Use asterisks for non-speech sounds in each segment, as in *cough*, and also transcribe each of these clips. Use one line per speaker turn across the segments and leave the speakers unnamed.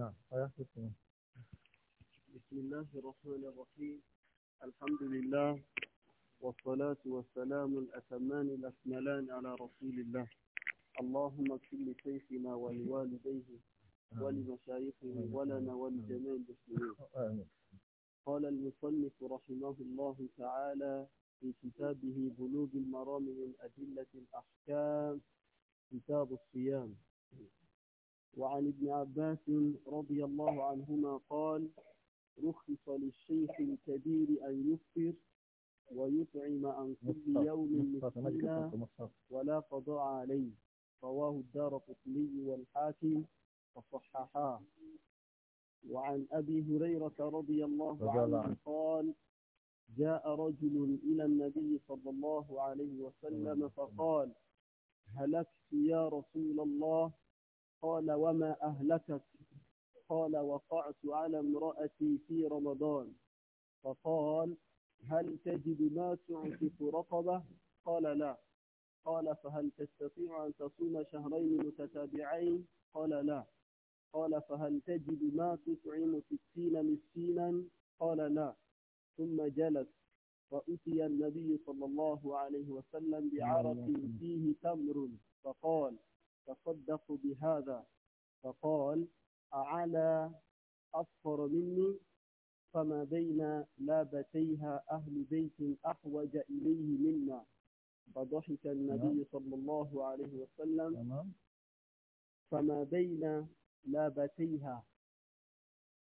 نعم
بسم الله الرحمن الرحيم الحمد لله والصلاة والسلام الأتمان الأكملان على رسول الله اللهم اغفر لشيخنا ولوالديه ولمشايخه ولنا ولجميع المسلمين قال المصنف رحمه الله تعالى في كتابه بلوغ المرام من أدلة الأحكام كتاب الصيام وعن ابن عباس رضي الله عنهما قال رخص للشيخ الكبير أن يفطر ويطعم عن كل يوم مسكينا ولا قضاء عليه رواه الدار قطني والحاكم فصححا وعن أبي هريرة رضي الله عنه قال جاء رجل إلى النبي صلى الله عليه وسلم فقال هلكت يا رسول الله قال وما أهلكك قال وقعت على امرأتي في رمضان فقال هل تجد ما تعتق رقبة قال لا قال فهل تستطيع أن تصوم شهرين متتابعين قال لا قال فهل تجد ما تطعم ستين مسكينا قال لا ثم جلس فأتي النبي صلى الله عليه وسلم بعرق فيه تمر فقال تصدق بهذا فقال أعلى أصفر مني فما بين لابتيها أهل بيت أحوج إليه منا فضحك النبي صلى الله عليه وسلم فما بين لابتيها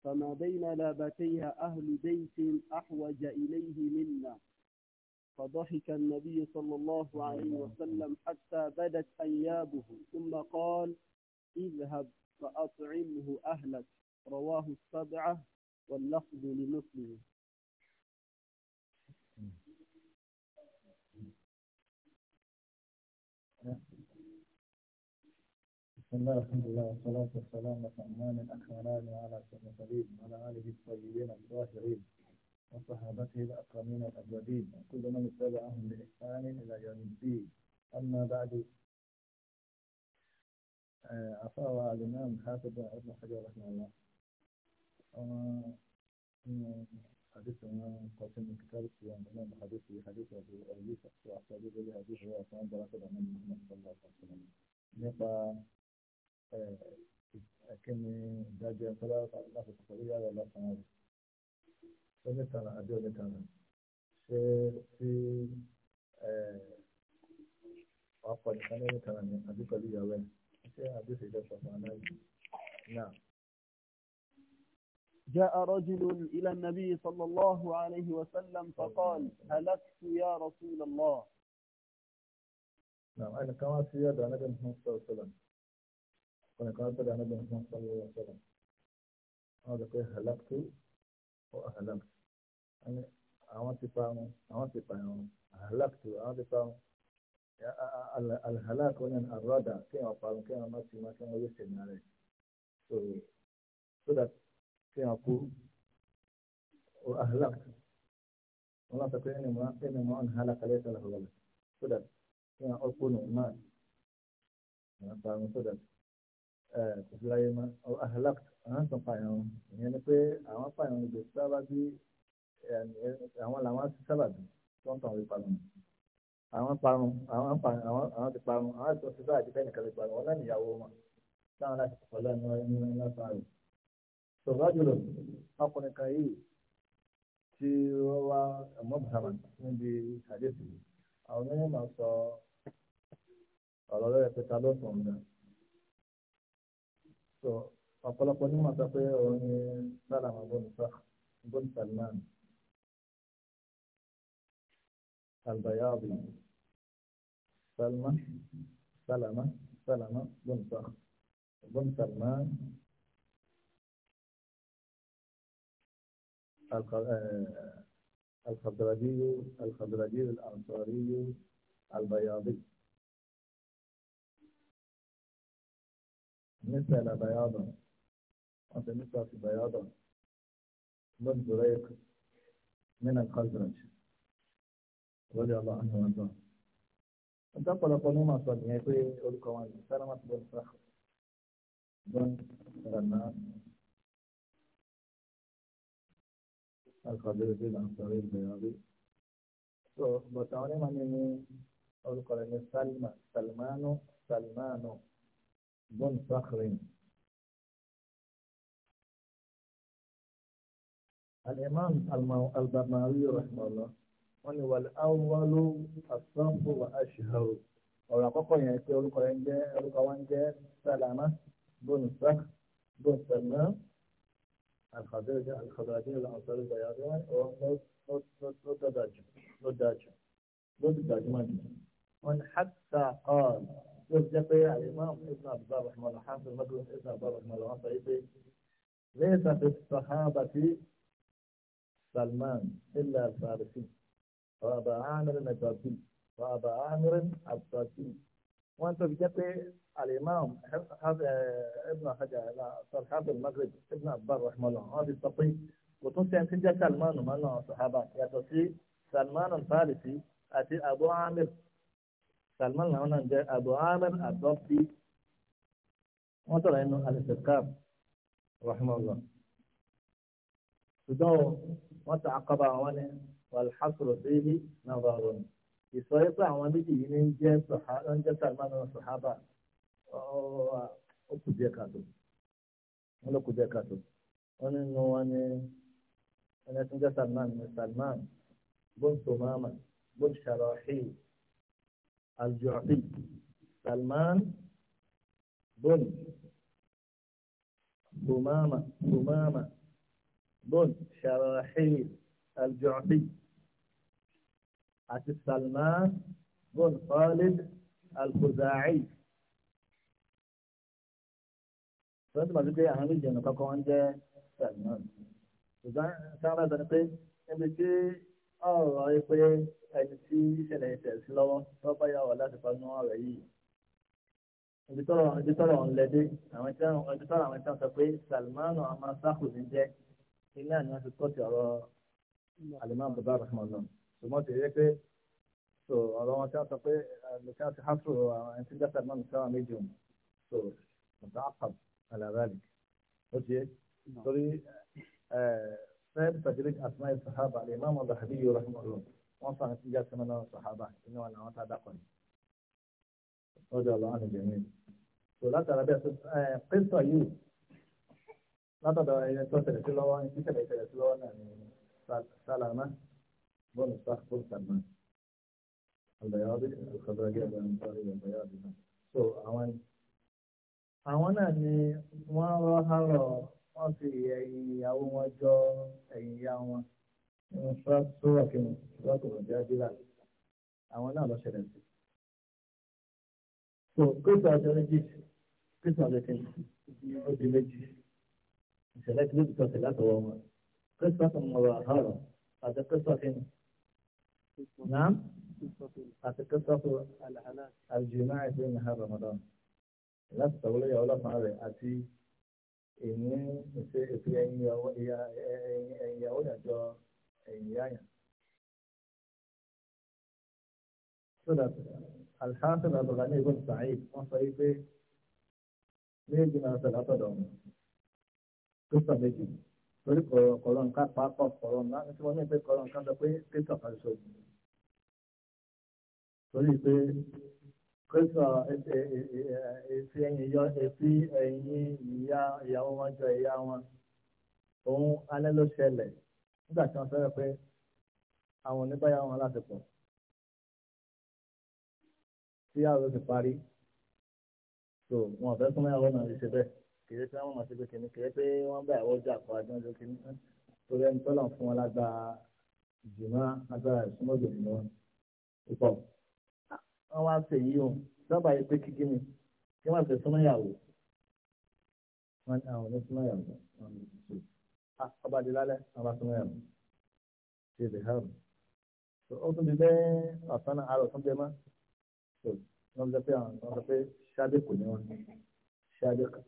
فما بين لابتيها أهل بيت أحوج إليه منا فضحك النبي صلى الله عليه وسلم حتى بدت أيابه ثم قال اذهب فأطعمه أهلك رواه
السبعة واللفظ لمسلم بسم الله الحمد لله والصلاة والسلام على الأكملان على
سيدنا وعلى آله الطيبين الطاهرين وصحابته الأكرمين الأبدين وكل من اتبعهم بإحسان إلى يوم الدين أما بعد عفاوى آه، الإمام حافظ ابن حجر رحمه الله حديث قلت من كتاب الصيام الإمام حديث حديث أبي أيوب وأصحابه بلي حديث هو أصلا دراسة عن محمد صلى الله عليه وسلم نقا كم دجا ثلاثة ألاف ولا ثمانية onítànà àbí onítànà ṣé tí ọkọ nìkan ní onítànà ni àbí pẹ̀lú ìyàwó ẹ̀ ṣé àbí جاء رجل إلى النبي صلى الله عليه وسلم فقال هلكت يا رسول الله
نعم أنا كما سيادة بن محمد صلى الله عليه وسلم أنا كما سيادة بن محمد صلى الله عليه وسلم هذا هلكت وأهلكت àwọn ti pa wọn
àwọn ti pa wọn àhàlàkùtù àwọn ti pa wọn alhàlàkù ní àrọ́dà kí wọn parun kí wọn má ti má kí wọn yóò ṣe nàrẹ so so that kí wọn kú
àhàlàkùtù wọn lọ sọ pé ẹni mọ ẹni mọ àhàlàkù alẹ́ sọ̀rọ̀ wọlé so that kí wọn ọkọ nù má
wọn parun so that kò sí láyé má àhàlàkù àwọn sọ pààyàn ìyẹn ni pé àwọn pààyàn ìgbésí sábà bíi àwọn làwọn ti sábàbí tó ń tàn wí parun àwọn parun àwọn parun àwọn ti parun àwọn ti sọ sábàbí bẹ́ẹ̀ nìkan lè parun wọn náà níyàwó wọn táwọn láti pọ̀ lẹ́nu ẹni lásán rẹ̀ sọ̀rọ̀ jùlọ ọkùnrin kan yìí tí ó wá mọ́bùsàmà níbi àdéhùn àwọn mímọ́ sọ ọ̀rọ̀ rẹ̀ pé ta
ló sọ ọ̀hún náà so ọ̀pọ̀lọpọ̀ onímọ̀ sọ pé òun ni sálàmù abónisá abónisálàmù. البياضي سلمة سلمة سلمة بن صخر بن سلمان آه، الخضرجي الخضرجي الأنصاري البياضي مثل بياضا أنت مثل بياضا بن زريق من الخزرج lọ́dọ̀ ọba ọ̀nà ọ̀dọ́. ọjọ́ ọ̀pọ̀lọpọ̀ ní màá sọ nìyẹn pé orúkọ wọn yìí sára máa ti bọ́ nípa john rana alfabẹ́rẹ́ bí wọ́n sọ ìgbẹ́ ọ̀rí. so bọ̀tà wọn ní màá ní orúkọ rẹ̀ ní salma salmanu salmanu bon sakhrin. الإمام البرماوي رحمه الله wọ́n
ní wàlẹ́ awọ́lú àtọ́fù àṣìhàrò ọ̀rọ̀ àkọ́kọ́ yẹn pé orúkọ yẹn jẹ́ orúkọ wọn jẹ́ sàlámà bóun sàk bóun sàmà alxadéjì alxadéjì alxadéjì bayadé ọ̀rọ̀ ló dáadáa jù ló dáa jù ló ti gbajúmọ̀ jù wọ́n ní hàtà ọ̀n ló ti jẹ́ pé alimam ibn abdul rahman alhassan madu ibn abdul rahman alhassan sọ pé lẹ́yìn tàbí sàhábàtì salman ilà fàrìsì. فابا عامر التوكيل فابا عامر التوكيل وانت بجد الامام هذا آه، ابن حجر لا صار حافظ المغرب ابن عبار رحمه الله هذا التطي وتنسى ان تجا سلمان ما الصحابه صحابه يا توسي سلمان الفارسي اتي ابو عامر سلمان هنا جاء ابو عامر الضبطي وانت لا انه الاستذكار رحمه الله فدو وانت عقبه وانا wàlhásùrù síbi náà bá rọ ni ìsọ yìí pé àwọn méjì yìí ní ń jẹ sọhábà ń jẹ sàlmánù sọhábà ó kù díẹ̀ kàtó wọn ló kù díẹ̀ kàtó wọn nínú wọn ní ẹni tó ń jẹ sàlmánù ní sàlmánù bóun sọmáàmà bóun sàròhì àjọ̀bí sàlmánù bóun sọmáàmà sọmáàmà bóun sàròhì àjọ̀bí àti Salman bin Khalid al-Khuzai. sọ́dọ̀ tó máa ti pé àwọn méjì ọ̀nà kọ́kọ́ wọn jẹ́ Salman. ṣùgbọ́n sáwọn bá sọ pé níbi tí ọ̀rọ̀ yìí pé ẹni tí ìṣẹ̀lẹ̀ ìṣẹ̀ sí lọ́wọ́ tó bá yà wọ̀ láti fọnú ọ̀rọ̀ yìí. ibi tọ́rọ̀ ń lẹ́dí àwọn tí wọ́n sọ pé Salman ọmọ sáfù ní jẹ́ iná ni wọ́n ti tọ́sí ọ̀rọ̀ alimami bàbá rahman lọ́nà ṣùgbọ́n ti yẹ pé so ọ̀rọ̀ wọn tí wọ́n sọ pé lùkà ti hásù àwọn ẹni tí dẹ́sẹ̀ náà nìkan méjì òun so ọ̀dà àpàm alàbàlì ó ti yẹ torí sẹ́ẹ̀bù tàjírí àtúmáyé sàhábà lè má mọ̀ dàbí yorùbá fún ọ̀rọ̀ wọn sọ àwọn tí dẹ́sẹ̀ náà sàhábà inú wọn làwọn tá a dákọ̀ ni ọjọ́ ọlọ́run ni jẹ̀mí so látara bẹ́ẹ̀ sọ pẹ́sọ̀ yìí látọ̀dọ̀ ẹni tó tẹ̀lẹ̀ sí lọ́wọ́ ẹni tí tẹ̀lẹ̀ tẹ̀lẹ̀ ونصح فرصة ما البياضي الخضراء والأنصاري والبياضي so àwọn àwọn náà ni wọ́n rọ́ hárọ̀ wọ́n fi ẹ̀yìn
ìyàwó wọn jọ ẹ̀yìn ìyá wọn
nínú sọ́wọ́ kìnnì lọ́kùnrin ọ̀jọ́ dílà àwọn náà lọ ṣẹlẹ̀ sí. so kristu ọjọ́ méjì kristu ọjọ́ kìnnì ó di méjì ìṣẹ̀lẹ̀ kìlóbìtọ̀ sí látọwọ́ wọn kristu ọ̀sán mọ̀rọ̀ àhárọ̀ àti kristu ọ̀kìnnì. نعم الحلال الجماع في نهار رمضان لا تقولي يا ولا فعل أتي إني في في أن
يو يا أن يو يا يا سورة الحاصل الغني بن سعيد ما صعيب ليه جماعة الأطلام قصة بيجي
lórí kọ̀rọ̀ kọ̀rọ̀ nǹkan pàápàá kọ̀rọ̀ nǹkan tí wọ́n ní pé kọ̀rọ̀ nǹkan sọ pé kéṣọ̀ kan ṣo torí pé kéṣọ̀ èsì ẹ̀yìn yọ èsì ẹ̀yìn ìyá ìyàwó wọn jọ ìyá wọn
òun alẹ́ ló ṣẹlẹ̀ nígbà tí wọ́n sọ pé àwọn oníbáyà wọn láti pọ̀ tí àwọn ti parí so wọn ò fẹ́ súnmọ́ ìyàwó náà lè ṣe bẹ́ẹ̀ kìí pé wọ́n mọ̀ sí pé kìíní kìí pé wọ́n bá ìwọ́ jà pa
ọdún ọdún kìíní torí ẹni tọ́lọ̀ fún wọn lágbára ìjùmọ̀ lágbára ìsúnmọ́gbè fún wọn púpọ̀. wọ́n wá ṣe yí o sábà yìí pé kíkí ni
kí wọ́n fẹ́ súnmọ́ ìyàwó wọ́n ní àwọn onísúnmọ́ ìyàwó
ah, ọba di lálẹ́
ọba súnmọ́ ìyàwó ṣe lè hàn.
ó tún di bẹ́ẹ̀ ọ̀sán náà àrò tún bẹ́ẹ̀ mọ́ wọ́n sọ pé ṣáde kò ní wọn ṣáde kan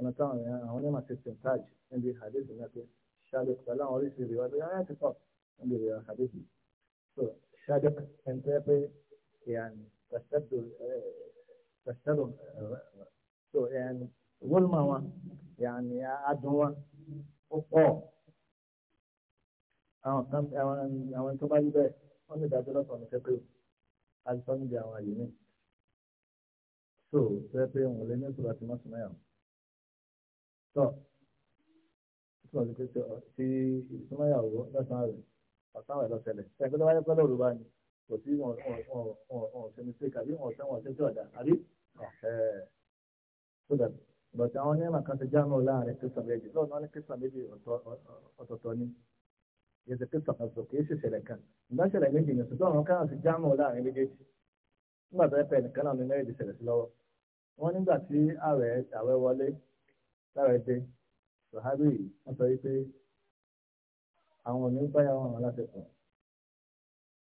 ọ̀nà táwọn èèyàn àwọn onímọ̀ ti sìn taj níbi àdéhùn náà pé ṣáàdùk pẹ̀lú àwọn oríṣi ìrìwá tó yára ti pọ̀ níbi ìrìwá àdéhùn so ṣáàdùk ẹ̀ńtẹ́ pé ìyàní tẹ̀sẹ̀dù so ìyàní wọ́lùmọ̀ wọn ìyàní adùn wọn ó
pọ̀ àwọn kan àwọn tó bá yí bẹ́ẹ̀ wọ́n lè dájọ́ lọ́sọ̀ ní pẹ́pẹ́ àti sọ́nìdì àwọn àyè mi so pẹ́pẹ́ òun lè ní ìṣòro àti mọ́sùmáyàwó tọ́ ìtumọ̀
sí pé ṣe ìsúnmọ́yàwó lọ́sàn-án rẹ̀ ọ̀sán rẹ̀ lọ́sẹ̀lẹ̀ ṣe ẹgbẹ́ tó wáyé pẹ́ lóru bá ní kò sí wọn ṣe ní sèkà bí wọn ṣe wọn ṣe tí ọ̀dà àbí ṣọ́dà bọ̀tí àwọn onímọ̀ kan ṣe jáàmù láàrin kristian méjì lọ́nà ní kristian méjì ọ̀tọ̀ọ̀tọ̀ ni yẹsẹ̀ kristian kan sọ kìí ṣe kan ìgbà ṣẹlẹ̀ méjì ni ṣùgbọ́n àwọn kan ṣe jáàmù láàrin méjèèjì nígbà tó ẹ pẹ́ nìkan náà ní mẹ́rìndínlẹ̀ ṣẹlẹ̀ sí lọ́wọ́ wọn nígbà tí ààrẹ ààrẹ wọlé lára ẹgbẹ́ sọ̀hábì wọ́n sọ wípé àwọn ò ní báyàwó àwọn aláṣẹkùn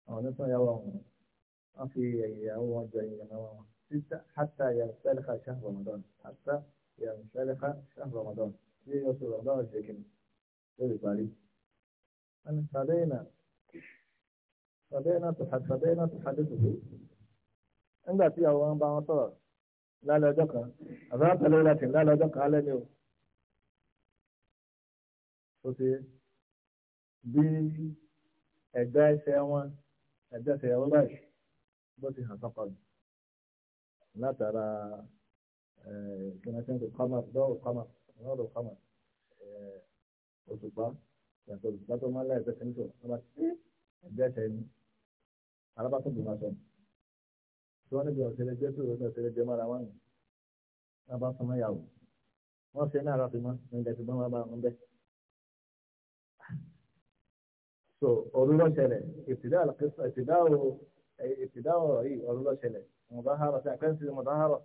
àwọn onífọ ìyàwó àwọn wọ́n fi ẹ̀yìn ìyàwó wọn jọ ẹ̀yìn ìyàwó wọn títà hàtà yà sẹlẹkà ṣáà rọmọdọn hàtà yà sẹlẹkà ṣáà rọmọdọn tí yóò sọ rọmọdọn ṣe kí ni lórí parí. sàbẹ́yìnà sàbẹ́yìnà sàbẹ́yìnà sàbẹ́yìnà nígbà tí àwọn bá wọn sọ̀rọ̀ lálẹ́ ọjọ́ kan àbúrò àtàlẹ́ ìlàtì lálẹ́ ọjọ́ kan alẹ́ ni o. ṣe bí ẹ̀dá ẹsẹ̀ wọn wọn báyìí bó ti hàn sọ́kọ̀ látara kọ́mà kọ́mà kọ́mà òṣùpá yàtọ̀ òṣùpá so ọdún lọ ṣẹlẹ̀ ìtìdá ìtìdá o ìtìdá ọ̀rọ̀ yìí ọdún lọ ṣẹlẹ̀ mọ̀dáhárọ̀ sí àkẹ́sì mọ̀dáhárọ̀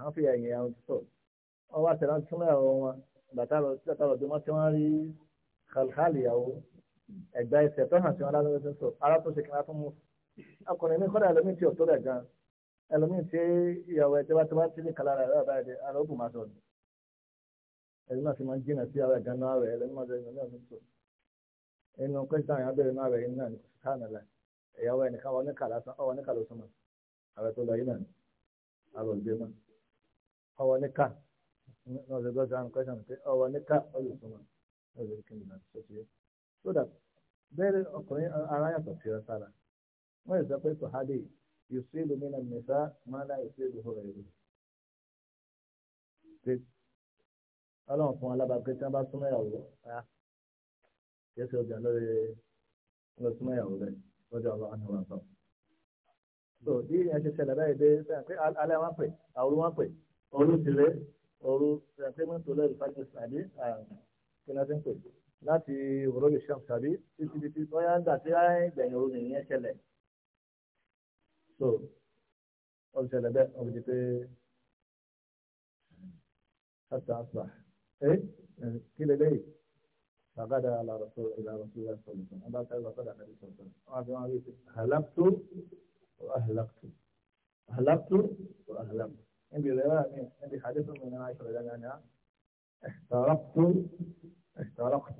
àwọn fi ẹ̀yìn àwọn ti sọ wọn wá tẹ̀lé tí wọ́n yàwó wọn bàtà lọ sí àtàlọ́ tí wọ́n ti wọ́n rí kàlkàlì yàwó ẹ̀gbá ẹsẹ̀ tó hàn sí wọn lásán ti sọ ara tó ṣe kí wọ́n tó mú akọni ní kọ́dà ẹlòmíì tí ò tó rẹ̀ gan ẹlòmíì tí ìyàwó ẹ̀jẹ̀ bá ti wá sílé kàlà rẹ̀ ara ó bù má sọ̀rọ̀ ẹlòmíì ẹnu kẹsàn-án yà bẹ̀rẹ̀ náà rẹ̀ yín náà kánà la ẹ̀yàwó ẹnìkan wọn ní kàlá sàn ọwọ́ ní kàlá sàn mọ́ ààrẹ tó lọ yín náà àrùn gbé mọ́ ọwọ́ ní ká náà ṣe gbọ́dọ̀ àwọn kẹsàn pé ọwọ́ ní ká ọ̀rọ̀ sàn mọ́ ọ̀rọ̀ kí ni náà ṣe ṣe so that bẹ́ẹ̀ ọkùnrin ara yàtọ̀ sí ọ sára wọ́n yẹ sọ pé sọ̀hádì yusilu mina nisa mala yusilu hó
ẹ̀rọ ọlọ́run fún alábàápẹ́ tí wọ́n bá súnmọ́ ìyàwó kẹsì ọjà lórí lọsùnmọ́ ìyàwó rẹ̀ lọ́jọ́ àwọn àníwá
sọ. so bí ìyẹn ṣe ṣẹlẹ̀ báyìí dé sẹ́yìn pé alẹ́ wọn pè àwòrán wọn pè ọrùn tìlẹ̀ ọrùn sẹ́yìn pé mọ́tò lẹ́rù fájú àbí kìnnàtì yang pè láti òwúrọ̀ lè ṣàm tàbí títí títí so orang ṣẹlẹ̀
bẹ́ẹ̀ ọ̀rùn ti pé ṣàtà àṣà ẹ
فغدا على رسول الى رسول الله صلى الله عليه وسلم بعد ذلك النبي صلى الله عليه وسلم هلكت واهلكت هلكت واهلكت عندي روايه عندي حديث من عائشه رضي الله عنها
احترقت
احترقت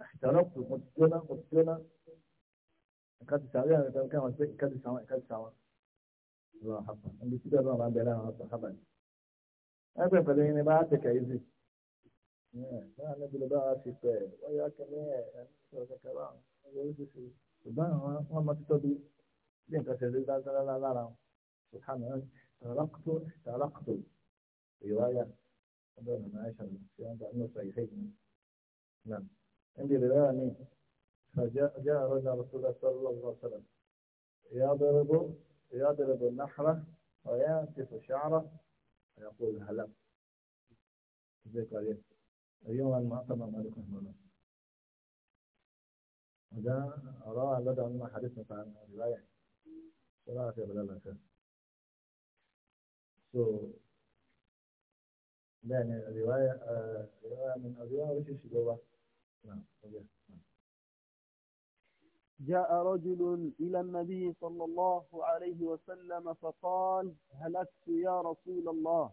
احترقت قتلنا قتلنا كانت تساويها كانت تساويها كانت تساويها الله حقا عندي كده الرابع عندي لها حقا أبدا فلين بعد كيزي
báwọn níbi ló bá
wa fi pẹ wọn yọ kẹlẹ ẹ sọ̀rọ̀ kẹkẹ báwọn ẹgbẹ́ oríṣiríṣi ṣùgbọ́n àwọn wọn máa ti tóbi bí nǹkan ṣe lé dáadáa lára wọn sùkánù tààràkùtù tààràkùtù ìwáyà ọ̀dọ̀ nàná àìsàn tí wọn gbà nínú sọ ìfẹ́ yìí náà ẹnbí rẹ rárá mi فجاء رجل رسول الله صلى الله عليه وسلم يضرب يضرب النحرة وينتف شعره
ويقول هلا ذكر أيها المعتمد عليكم الله هذا أراه بدأ مما حديثنا عن الرواية صلاة في بلاد so يعني الرواية الرواية من الرواية وش جوا نعم،, نعم جاء رجل
إلى النبي صلى الله عليه وسلم فقال هلكت يا رسول الله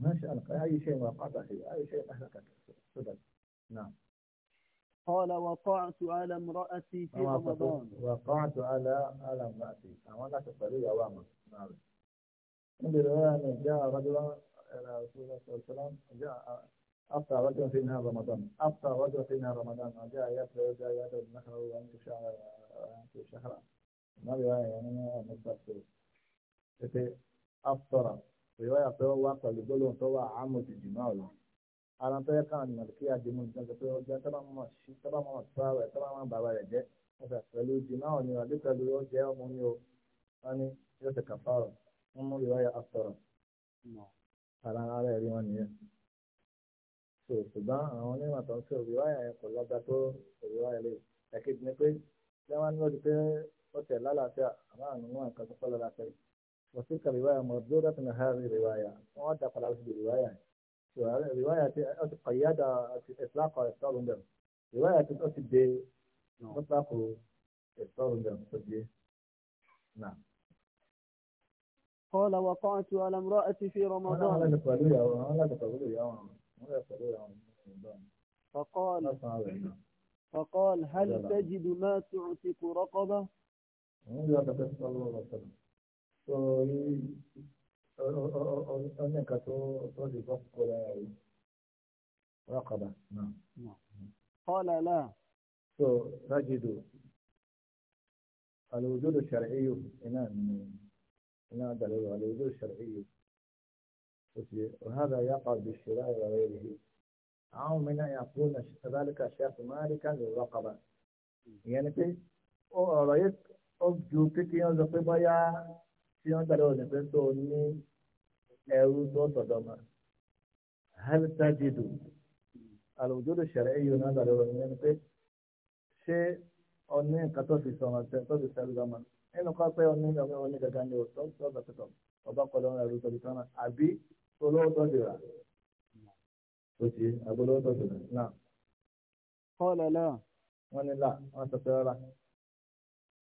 ما شاء الله أي شيء ما فيه أي شيء أهلكك سبب نعم قال وقعت
على امرأتي في رمضان وقعت على على امرأتي أولا تصلي أوامر نعم من رواية جاء رجل إلى رسول الله صلى الله عليه وسلم جاء افطر رجل في نهار رمضان افطر رجل في نهار رمضان وجاء يتلو جاء يتلو نحره وأنت شهر وأنت شهر ما رواية يعني ما مستقبل أفطر ìwáyà pé wọ́n wá pẹ̀lú gbólóhùn tó wà áàmù ti jùmọ̀ ọ̀la ara tó yẹ káwọn ènìyàn kí àdéhùn ìjọba pé ọjà tó bá mọ̀ sí tó bá mọ̀ tó rẹ̀ tó bá mọ̀ bàbá rẹ̀ jẹ́ ọ̀sẹ̀ pẹ̀lú jùmọ̀ ọ̀ni ọ̀dẹ́ pẹ̀lú ọjẹ́ ọmọ ni o wọ́n ní yóò ti kàfà rọ̀ wọ́n mú ìwáyà àtọ̀rọ̀ ara ara ẹ̀rí wọn nìyẹn so ṣùgbọ́n àwọn onímọ̀ tó ń sọ ìwáyà yẹn kò lọ́gbà tó ìwáyà lè ẹ̀kejì ni pé tí wọ́n ní ó di pé ó tẹ̀ lálàáfíà وتلك رواية مردودة من هذه الرواية وأدق العوش برواية رواية قيادة إطلاق إطلاق دم رواية أسد نعم. مطلق إطلاق دم نعم قال وقعت على امرأة في رمضان فقال نعم. فقال هل تجد ما تعتق رقبة؟ so ọ̀nà nǹkan tó tó lè bọ́ kó lára
rẹ̀ rákàdà náà.
ọ̀là náà. so rájìdò
الوجود الشرعي هنا
هنا دليل على الوجود الشرعي وهذا يقع بالشراء وغيره أو من يكون ذلك الشيخ مالكا للرقبة يعني في رأيت أبجو كي ينزل بيا tí wọ́n gbàdọ̀ ọ̀nà pé tó o ní ẹrú tó tọ̀dọ̀ mà hal tajidu al-wujudu shar'iyyu náà gbàdọ̀ ọ̀nà ní pé ṣé ọ̀ní nǹkan tó fi sọ̀rọ̀ tẹ tó fi sẹ́rù lọ́mọ nínú kọ́ pé ọ̀ní ìgbà ọ̀ní gàgà ni òótọ́ tó ọ̀gá tó ọba kọ́ lọ́rùn ẹrú tọ́jú tán àbí olóòótọ́ ti rà
ó ti àbólóòótọ́ ti rà náà.
kọ́ lọ́lá. wọ́n ní là wọ́n sọ pé rárá.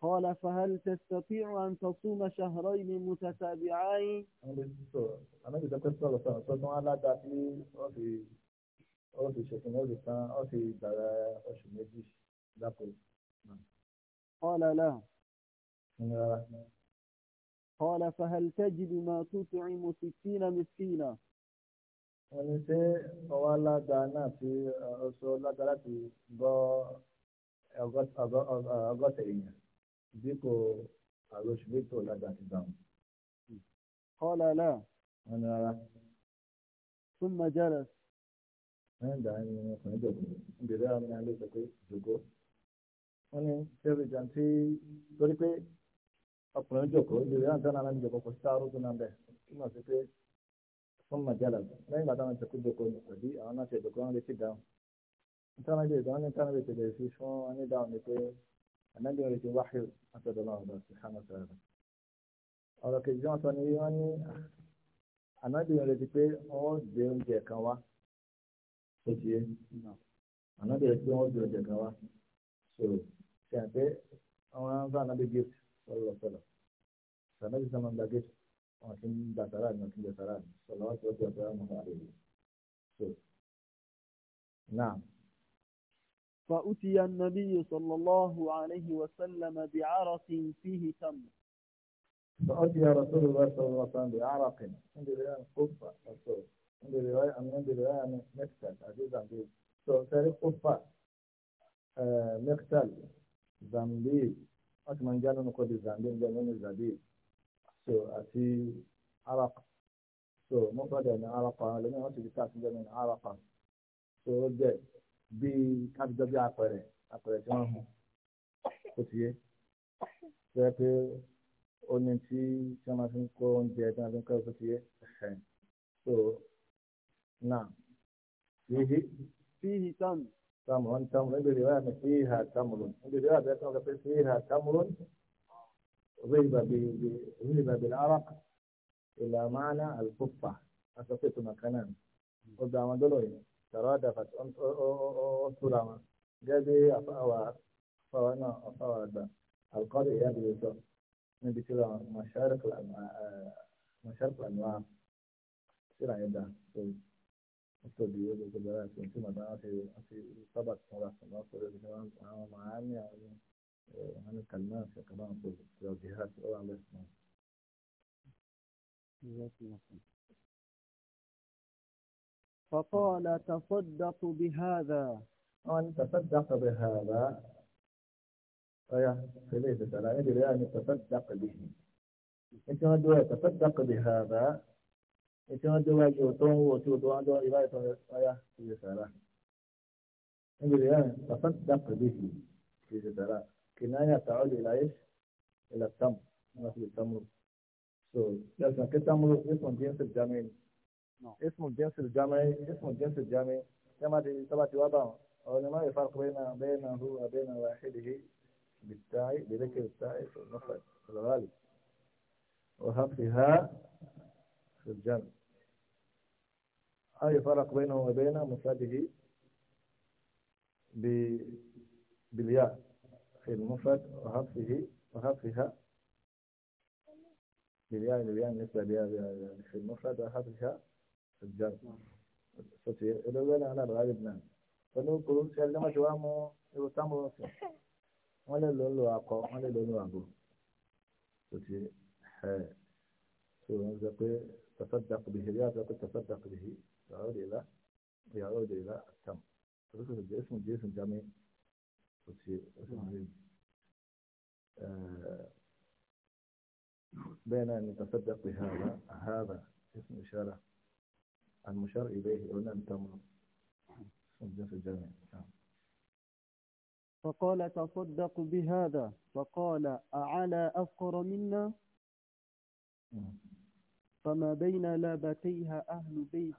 قال فهل تستطيع أن تصوم شهرين متتابعين أنا بدك أسأل سؤال سؤال هذا في
في في شكل في في قال لا قال فهل تجد ما تطعم ستين مسكينا wọ́n ṣe
ọwọ́ alága náà tí ọ̀ṣọ́ lágbára ti gbọ́ ọgọ́ta èèyàn dípò àròsùlétò lágbà ti dáhùn.
kọ́lá náà. wọ́n ní rárá. ثم جلس. ẹ̀yìn dàá ni ọkùnrin jòkó ìbèrè àwọn ọmọ alẹ́ sọ pé jòkó.
wọ́n ní sẹ́fì jàǹtí torí pé ọkùnrin jòkó ìbèrè àwọn tán náà ń jòkó kò sáà rúgbìn náà bẹ̀ túmọ̀ sí pé ثم جلس lẹ́yìn ìgbà táwọn ìṣẹ̀kú jòkó ni òbí àwọn náà ṣe jòkó wọn lè ti dáhùn. nítorí wọn lè ṣe dáhùn ní ànábì rẹ̀ ti wáhíù látọ̀dọ̀ lọ́wọ́ bá sí hánà sọ̀rọ̀ ọ̀rọ̀ kejì wọn sọ ni wọ́n ní ànábì rẹ̀ ti pé wọ́n gbé oúnjẹ kan wá
tó ti yé ànábì rẹ̀ pé wọ́n gbé oúnjẹ kan wá so ṣe à pé
àwọn ará ànábì gift sọ̀rọ̀ sọ̀rọ̀ sànábì sọ̀rọ̀ gba gift wọn ti ń gbàtàrà ní wọn ti ń gbàtàrà ní sọ̀rọ̀ wọn ti ń gbàtàrà
ní wọn ti ń gbàtàrà ní
فأتي النبي صلى الله عليه وسلم بعرق فيه تم
فأتي رسول الله صلى الله
عليه وسلم بعرق عند رواية قفة عند رواية عند رواية مقتل عزيز عزيز سو تاريخ قفة آه، مقتل زنبيل أكمن جانا نقول زنبيل جانا الزبيب سو أتي عرق سو مفرد يعني عرق لأنه أتي بتاعت جانا عرقة سو جاي bí kájọ bí apẹ̀rẹ̀ apẹ̀rẹ̀ tí wọ́n hàn ó ti yé tó yẹ pé ó ní tí tí wọ́n máa fi ń kó oúnjẹ tí wọ́n fi ń kọ́ ó ti yé so náà yìí fíhì tàmù tam wọn tàmù níbi ìrìn wáyà mi fíhì hà tàmù lónìí níbi ìrìn wáyà bẹ́ẹ̀ tí wọ́n sọ pé fíhì hà tàmù lónìí غلب غلب بالعرق إلى معنى الكفة أسفيت مكانان قد عمدوا ترادفت أسلما جاء به أفأوى أفأوانا أفأوى القاضي يبي يوسف نبي كلا مشارق الأنواع مشارق الأنواع سيرا يدا في أستاذ يوسف في سنتي مدانا في في طبق مرة ما كل كمان أنا معاني
يعني إيه، أنا كلمات كمان في الجهات الأولى بس ما Yes, yes, yes. فقال تصدق بهذا قال تصدق بهذا
فيا خليفة على أدري يعني تصدق به أنت هدوى تصدق بهذا أنت هدوى يوتون وتوتون هدوى إباية فيا خليفة أدري يعني تصدق به خليفة كناية تعود إلى إيش؟ إلى التمر ما في التمر سو لكن كتمر اسم جنس الجميل نعم. اسم الجنس الجامعي اسم الجنس الجامعي كما تبعت وضع العلماء يفرق بين بينه وبين واحده بالتاء بذكر التاء في المفرد في الغالب وهمسها في الجمع أي فرق بينه وبين مفرده ب... بالياء في المفرد وهمسه وهمسها بالياء بالياء بالنسبة لياء في المفرد وهمسها سجار سوتي لو انا انا غالب نعم فنو كل سيل ما مو يو تام لو ها تصدق به تصدق به يعود الى يعود الى تام جسم جسم بين أن يتصدق بهذا هذا اسم إشارة المشار إليه هنا التمر في الجامعة نعم. فقال تصدق بهذا فقال أعلى أفقر منا نعم. فما بين لابتيها أهل بيت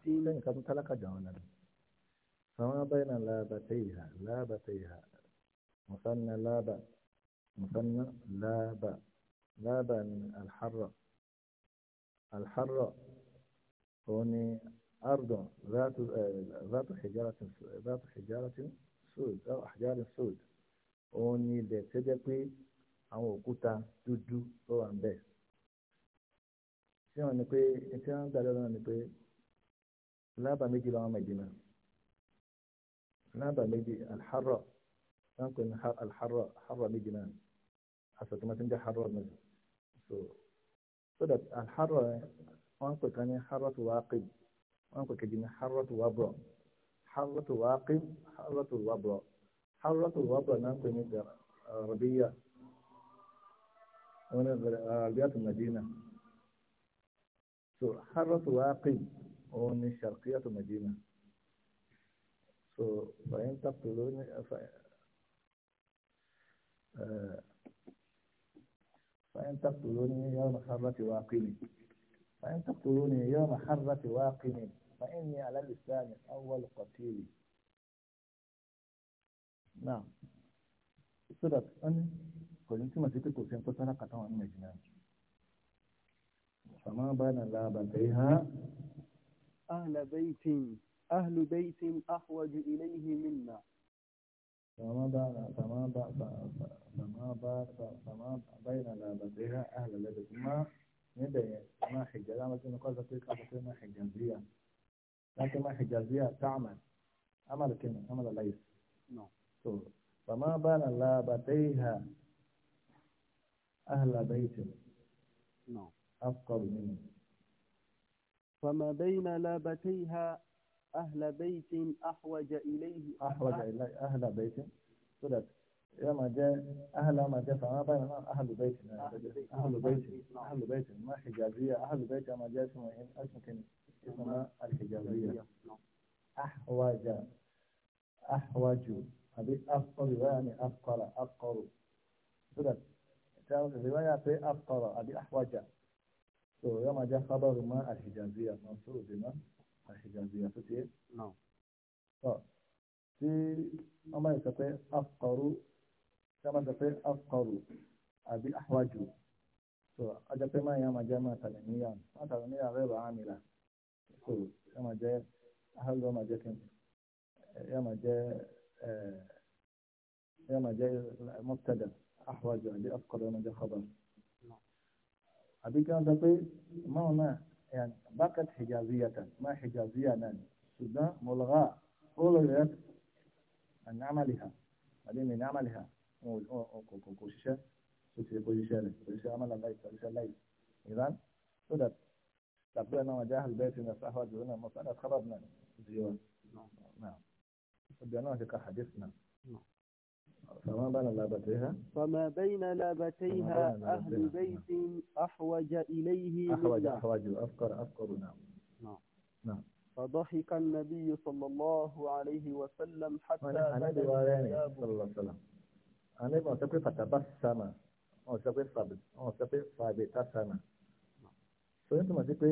فما بين لابتيها لابتيها مثنى لاب مثنى لاب لاب من الحر الحر هوني أرض ذات ذات حجارة ذات حجارة سود أو أحجار سود òun ni ilẹ̀ tó jẹ́ pé àwọn òkúta dúdú ló wà ń bẹ̀. ṣé wọn ni pé tí wọn gbàdúrà náà ni pé lábà méjì làwọn Mẹdínà lábà méjì alḥarọ wọn pè ní alḥarọ alḥarọ méjì náà aṣọ tí wọn ti ń jẹ alḥarọ méjì so so that alḥarọ wọn pè kàn ní alḥarọ tó wá pè yìí. wọn kò kejì ní harrotu wabro harrotu waqib harrotu wabro harrotu wabro náà ń pè ní rabiya wọn ní rabiya tó madina so harrotu waqib òun ní sharqiya tó madina so fàyín tàpẹlú ní fàyín tàpẹlú ní yọọ maharrati waqib fàyín tàpẹlú ní yọọ maharrati waqib. فإني على لساني أول قتيلي نعم صدق أنا كنت مسكت كوسين فترة قطعا من الجنان فما بين لابتيها أهل بيت أهل بيت أحوج إليه منا فما بين فما بين فما بين فما بين لابتيها أهل بيت ما ندعي ما حجة لا مثل نقول ما أفتلنا حجازية لكن ما حجازية تعمل عمل كنا عمل ليس نعم no. فما بان لابتيها أهل بيت نعم no. أفقر منه فما بين لابتيها أهل بيت أحوج إليه أحوج إليه أهل بيت so يا ما جاء أهل ما جاء فما بين أهل بيت أهل بيت أهل بيت ما نعم. حجازية أهل بيت ما جاء اسمه إيه؟ اسمه كلمة اسمها الحجازية
أحوج
أحوج هذه أفقر يعني أفقر أفقر سدد تعرف الرواية في أفقر هذه أحوج سو يوم جاء خبر ما الحجازية منصور بما الحجازية فتي نعم في أما يستطيع أفقر كما يستطيع أفقر هذه أحوج تو أجل ما يوم جاء ما تلميا ما تلميا غير عاملة yóò máa jẹ́ ahọ́lù yóò máa jẹ́ kí n yóò máa jẹ́ yóò máa jẹ́ mọ́tẹ́dà ahwájú àbí afkọ̀rọ̀ yóò máa jẹ́ kọ́bà. àbí kí wọ́n sọ pé máwọn náà يعني بقت حجازية ما حجازية نان سودان ملغاة أولغت عن عملها بعدين من عملها كوشيشة سوتي كوشيشة كوشيشة عمل الله كوشيشة الله إذن so that تقبلنا وجاه البيت من الصحوة جوانا المصنف خربنا زيون نعم ودعناه في حديثنا
نعم. فما بين
لابتيها فما بين لابتيها أهل بيت أحوج إليه أحوج أحوج أفكر أفكر نعم. نعم نعم فضحك النبي صلى الله عليه وسلم حتى أنا دواريني صلى الله عليه وسلم أنا بوسبي فتبسم أو وسبي صابت وسبي صابت سنة so ní túmọ̀ sí pé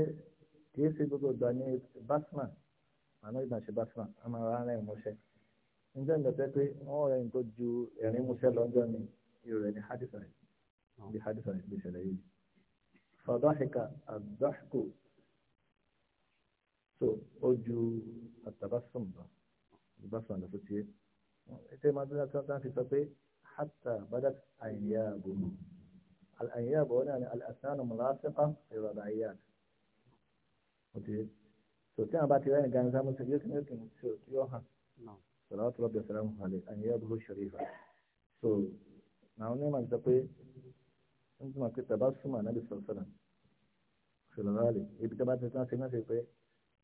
kìí ṣe gbogbo ìgbà ní basma àná ìgbà ṣe basma a máa rà rẹ̀ múṣẹ́ ǹjẹ́ ń dọ̀tẹ́ pé wọ́n rẹ̀ ń tó ju ẹ̀rín múṣẹ́ lọ́jọ́ ni irú rẹ̀ ní hadisa bí hadisa rẹ̀ ti ṣẹlẹ̀ yìí fàdáhìkà àdáhìkò so ó ju àtàbásùn basman ìbásùn lọ fún tiẹ̀ ètò ìmọ̀ àdúrà tí wọ́n ti sọ pé الأنياب هنا الأسنان ملاصقة للرباعيات سلطان باتي وين كان زمان سجلت يمكن يوحنا صلاة ربي وسلامه عليه أنيابه الشريفة so now ne ma da pe in ma ke tabassum annabi sallallahu alaihi wasallam filali ibta ba ta sai na sai pe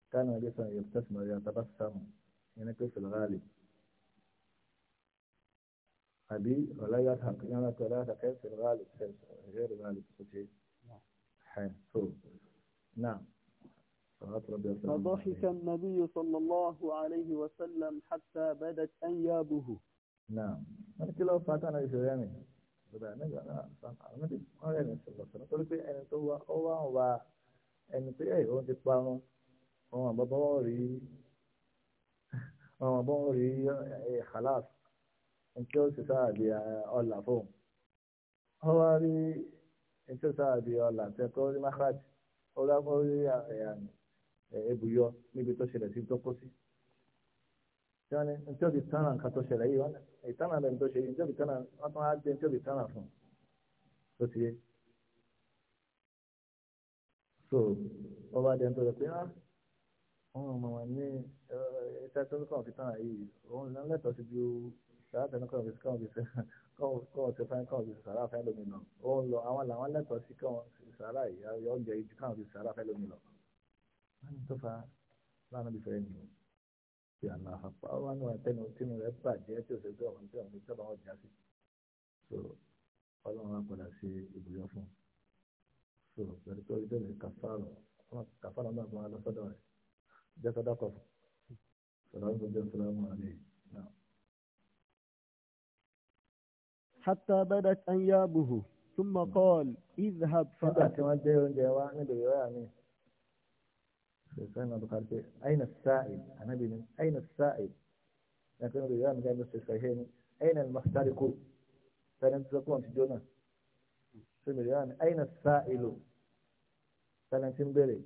kana da sai ya tasma ya tabassam yana ke filali حبي ولا يذهب إنما ثلاثة كيف الغالب الغالب غير غالب كتير نعم فضحك النبي صلى الله عليه وسلم حتى بدت أنيابه نعم أنا كلا أنا فاتنا يعني بدأ نجا أنا أنا دي ما يعني سبب سنة تقول في أن توا أوا أوا أن في أي هو تبعه هون ببوري هون ببوري إيه، خلاص tí ó sì sáàbì ọlà fóun ó wá rí tí ó sáàbì ọlà tí ó rí makraj ó lápò rí ebùyọ níbi tó ṣẹlẹ̀ sí tó kó sí tí wọ́n ní tí ó fi tán nǹkan tó ṣẹlẹ̀ yìí wọ́n ní ìtànà lẹ́nu tó ṣe yìí tí ó fi tán wọ́n tún á gbé tí ó fi tán fún un tó ti yé so ọba dẹ́n tó rẹ̀ pé ah wọn ò mọ̀ wọn ní ẹ̀ẹ́dẹ́gbẹ̀rún kan fi tán yìí òun lẹ́tọ̀ọ́ sí ju sàrà tẹnu kọ́ ọ̀bìsí kọ́ ọ̀bìsí kọ́ ọ̀tẹ fún kọ́ ọ̀bìsí sàrà fẹ́ lómi lọ ó ń lọ àwọn làwọn lẹ́tọ̀ọ́ sí kọ́ sàrà yìí ọjà ìjù kọ́ ọ̀bìsí sàrà fẹ́ lómi lọ. wọ́n tó fa láwọn ibi fẹ́rẹ̀ nìyẹn ti àná àpá wọn wà tẹnu tínú rẹ bàjẹ́ tí òṣèlú tó àwọn tí àwọn tó bá wọn jà sí. so ọlọ́run wa padà sí ibùyọ fún so pẹ̀lú tó rí bẹ́ẹ̀ kàfàrọ̀ kàfàrọ̀ náà حتى بدت أنيابه ثم قال اذهب فأكل سيدنا أبو أين السائل أنا بن أين السائل لكن جاي جاب الصحيحين أين فلن فلنتزقون في جونا. سيدنا أين السائل فلن فلنتنبري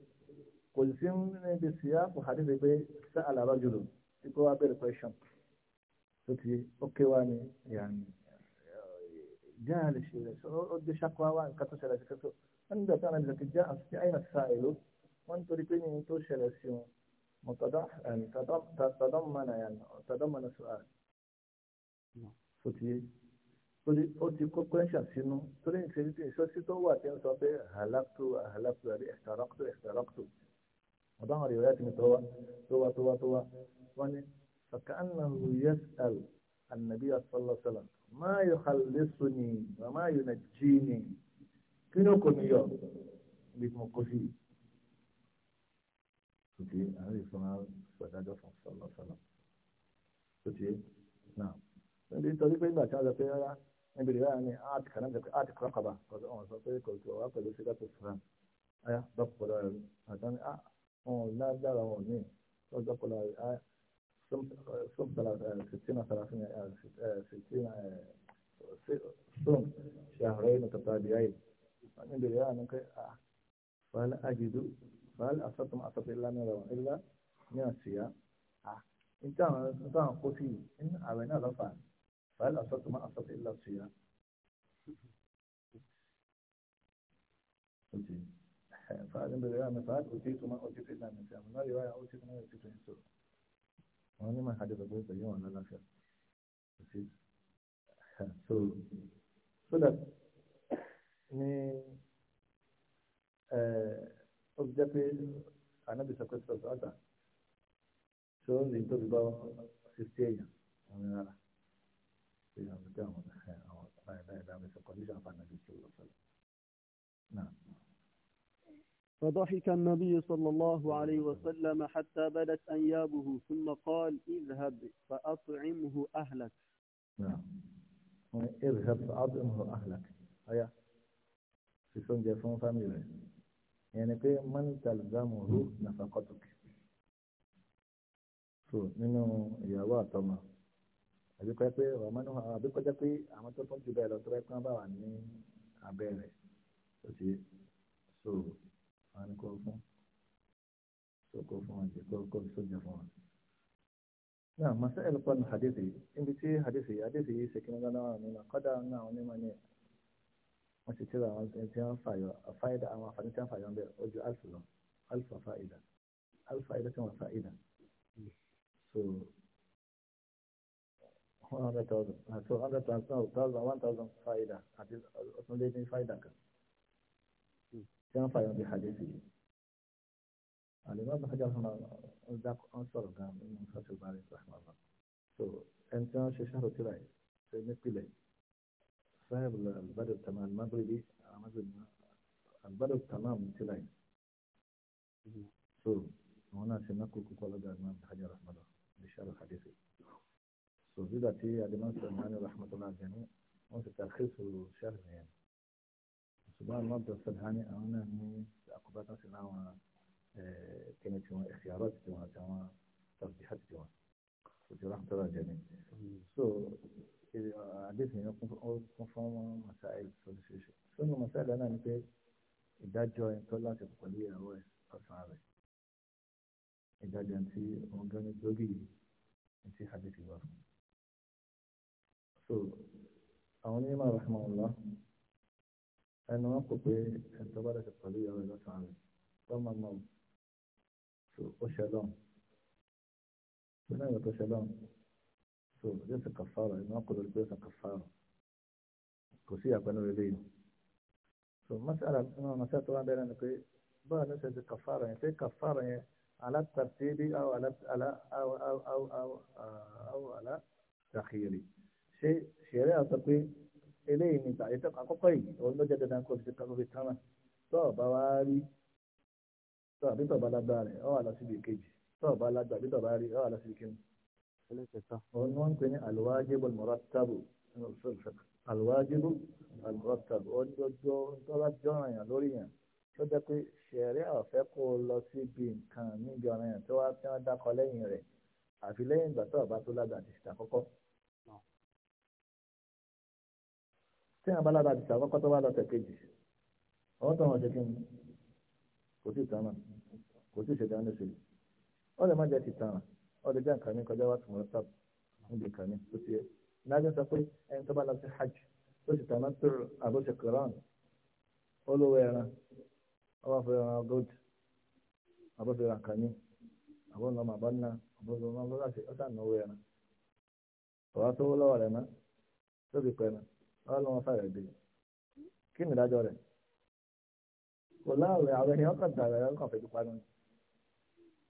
قل سن بسياق وحديث بي سأل رجل تقوى بير question أوكي واني يعني جاء للشيء رد شكوى وان كتو شلسي كتو أن ده كان الذي جاء في أين السائل وأن تريدين تو شلسي يعني تضمن يعني تضمن سؤال فتي ó ti kó pẹ́ńṣà sínú torí ìṣèlú tí ìṣọ́sí tó wà tí ń sọ pé àhàlàkùtù àhàlàkùtù àbí ẹ̀sàràkùtù ẹ̀sàràkùtù ọ̀dọ́ àwọn ìròyìn àti ìtọ́wá tó wá tó wá tó wá wọ́n ní فكأنه يسأل النبي صلى الله عليه وسلم máa yọ àlùlẹ́sọ ni màmá yọ nà jí ni kí ló kò ní yọ bí mo kó sí. Sòtì àwọn ìfọ̀nà gbàdájọ́ fún sọ̀lọ̀sọ̀lọ̀. Sòtì náà. Níbi torí pé nígbà tí wọ́n sọ pé rárá níbi ìrírá ni áàtì kan náà áàtì kan kaba kọ̀dọ̀ ọ̀hún sọ pé kò tó wá pẹ̀lú sígá tó fura. Ayá dọ́kọ̀dọ̀ rẹ̀ àtàwọn ọ̀hún ah, lágbára wọn ní ọjọ́ kọ̀dọ̀ rẹ̀ صوم ستين ثلاثين ستين صوم شهرين متتابعين من بالله ممكن فهل أجد فهل أصبتم أصبت إلا من روان إلا من السياء إن كان إن كان قتي إن أبينا رفع فهل أصبتم أصبت إلا السياء فهل من بالله فهل أتيتم أتيت إلا من السياء من رواية أتيت من أتيت من السياء àwọn onímọ̀ àdìsọ pé pẹ̀lú àwọn lálàáfíà kò sí so
so that ní
ó jẹ́ pé ànábì sọ pé sọ̀tọ̀ ọ̀tà tí ó ń rìn tóbi bá fifty èèyàn àwọn ará èèyàn ló dé àwọn àwọn ọ̀tá ẹ̀dá ẹ̀dá ẹ̀dá ẹ̀dá ẹ̀dá ẹ̀dá ẹ̀dá ẹ̀dá ẹ̀dá ẹ̀dá ẹ̀dá ẹ̀dá ẹ̀dá فضحك النبي صلى الله عليه وسلم حتى بدت أنيابه ثم قال اذهب فأطعمه أهلك نعم اذهب فأطعمه أهلك هيا في سون جيسون فاميلي يعني كي من تلزمه نفقتك so nínú يا àtọmọ àbíkọ pé ọmọnú àbíkọ jẹ pé àwọn tó tún jù bẹ́ẹ̀ lọ tó bẹ pé wọn wọn ni kò fún sókò fún wọn jẹ kó kó sójà fún wọn. náà masa ẹlẹpọ ní hadith yìí níbi tí hadith yìí hadith yìí ṣe kíni lọ́nà wọn nínú kọ́dà náà wọn ní wọn ní wọn ti tíra àwọn tí wọn fàyọ fáyidà àwọn àfààní tí wọn fàyọ bẹ ojú alfa lọ alfa fáyidà alfa fáyidà tí wọn fáyidà so one hundred thousand so one hundred thousand one thousand fáyidà àti ọtún lé ní fáyidà kan. تنفع يوم بحديثه الإمام حجر هنا الله أنصر كان من فتح الباري رحمه الله تو شي شهر تلاي في نبيلي صاحب البدر تمام المغربي البدر تمام تلاي تو هنا سنقول كل هذا الإمام حجر رحمه الله بشهر الحديث تو زيدتي الإمام سلمان رحمة الله جميع وانت تلخيص الشهر يعني ṣùgbọ́n àwọn ọ̀dọ́ sọ̀dánì àwọn náà ní àkóbá tó ṣe láwọn eh, kíni tiwọn ẹ̀sìn àrọ́ ti tiwọn àti àwọn tàbí àti tiwọn òtí wọn tó rà jẹ́ni. so àdéhùn eh, yẹn kún fún masáìlì sọ́dọ̀ṣẹ́ṣẹ́ sọ́nù masáìlì náà ni pé ìdájọ́ ẹ̀ tó láti
pẹ̀lú ìyàwó ẹ̀ ọ̀sán rẹ̀ ìdájọ́ ti ọ̀gá ní lórí ti àdéhùn wà fún. so àwọn
onímọ̀ rahman allah ẹnu wọn kò pé ẹ̀tọ́ bá dẹsẹ pẹ̀lú ìyàwó ìlọtàn
rẹ lọmọ náà so ó ṣe lọhùn tó náà yọ tó ṣe lọhùn so yóò ṣe kàfàrà ẹnu wọn kò lórí pé yóò ṣe kàfàrà
kò sí àgbẹnú rẹ lẹ́yìn so mọṣálà nínú mọṣálà tó wà bẹ́ẹ̀ náà ni pé báwo ni ṣe ṣe kàfàrà yẹn ṣe kàfàrà yẹn على الترتيب أو على على أو أو أو أو, أو على تخيري شيء شريعة eléyìí ni ìgbàlè tó àkọ́kọ́ yìí òun ló jẹ́ dandan kó fi kọ́ fi tán náà tó ọ̀bá wá rí tó àbí tọ̀bá lágbára rẹ̀ ọ̀ wà lọ síbi kejì tó ọ̀bá lágbára àbí tọ̀bá rí ọ̀ wà lọ síbi kejì. òun ni wọ́n ń pè ní alwajibul murattabu alwajibu almurattabu ó ní ọjọ́ tó bá jọ̀ràn yàn lórí yàn tó jẹ́ pé ṣẹ̀rí àfẹ́ kó lọ síbi nǹkan níbi ọ̀ràn yàn tó wá fi wọn dákọ lẹ́yìn rẹ̀ àfi lẹ́yìn ìgbà tó ọ̀bá tó lágbára àti ìṣàkọ́kọ́ tí wọn bá lára àdìsá kọ́kọ́ tó bá lọ tẹ̀kejì ọwọ́ tó wọn ṣe kí ni kò sí ìtàn náà kò sí ìṣẹ̀dá ní ìṣẹ̀lẹ̀ ó lè má jẹ́ ti tàn ó lè jẹ́ nǹkan ní kọjá wá tó mọ̀ ọ́tà níbi kan tó ti yẹ lájọ sọ pé ẹni tó bá lọ sí hajj tó sì tàn náà tó àbóṣe koran ó ẹran ó wá fẹ́ gold àbóṣe ẹran kan àbóṣe ọmọ àbọ́nà àbóṣe ọmọ àbóṣe ọ̀sán náà ó ẹran ọ̀wá ọlọ́run fẹ́rẹ̀ dé kí ni ìdájọ́ rẹ̀ kò láàrẹ̀ àwọn èèyàn kan dàrẹ̀ ẹ̀rọ kan fẹ́jú panu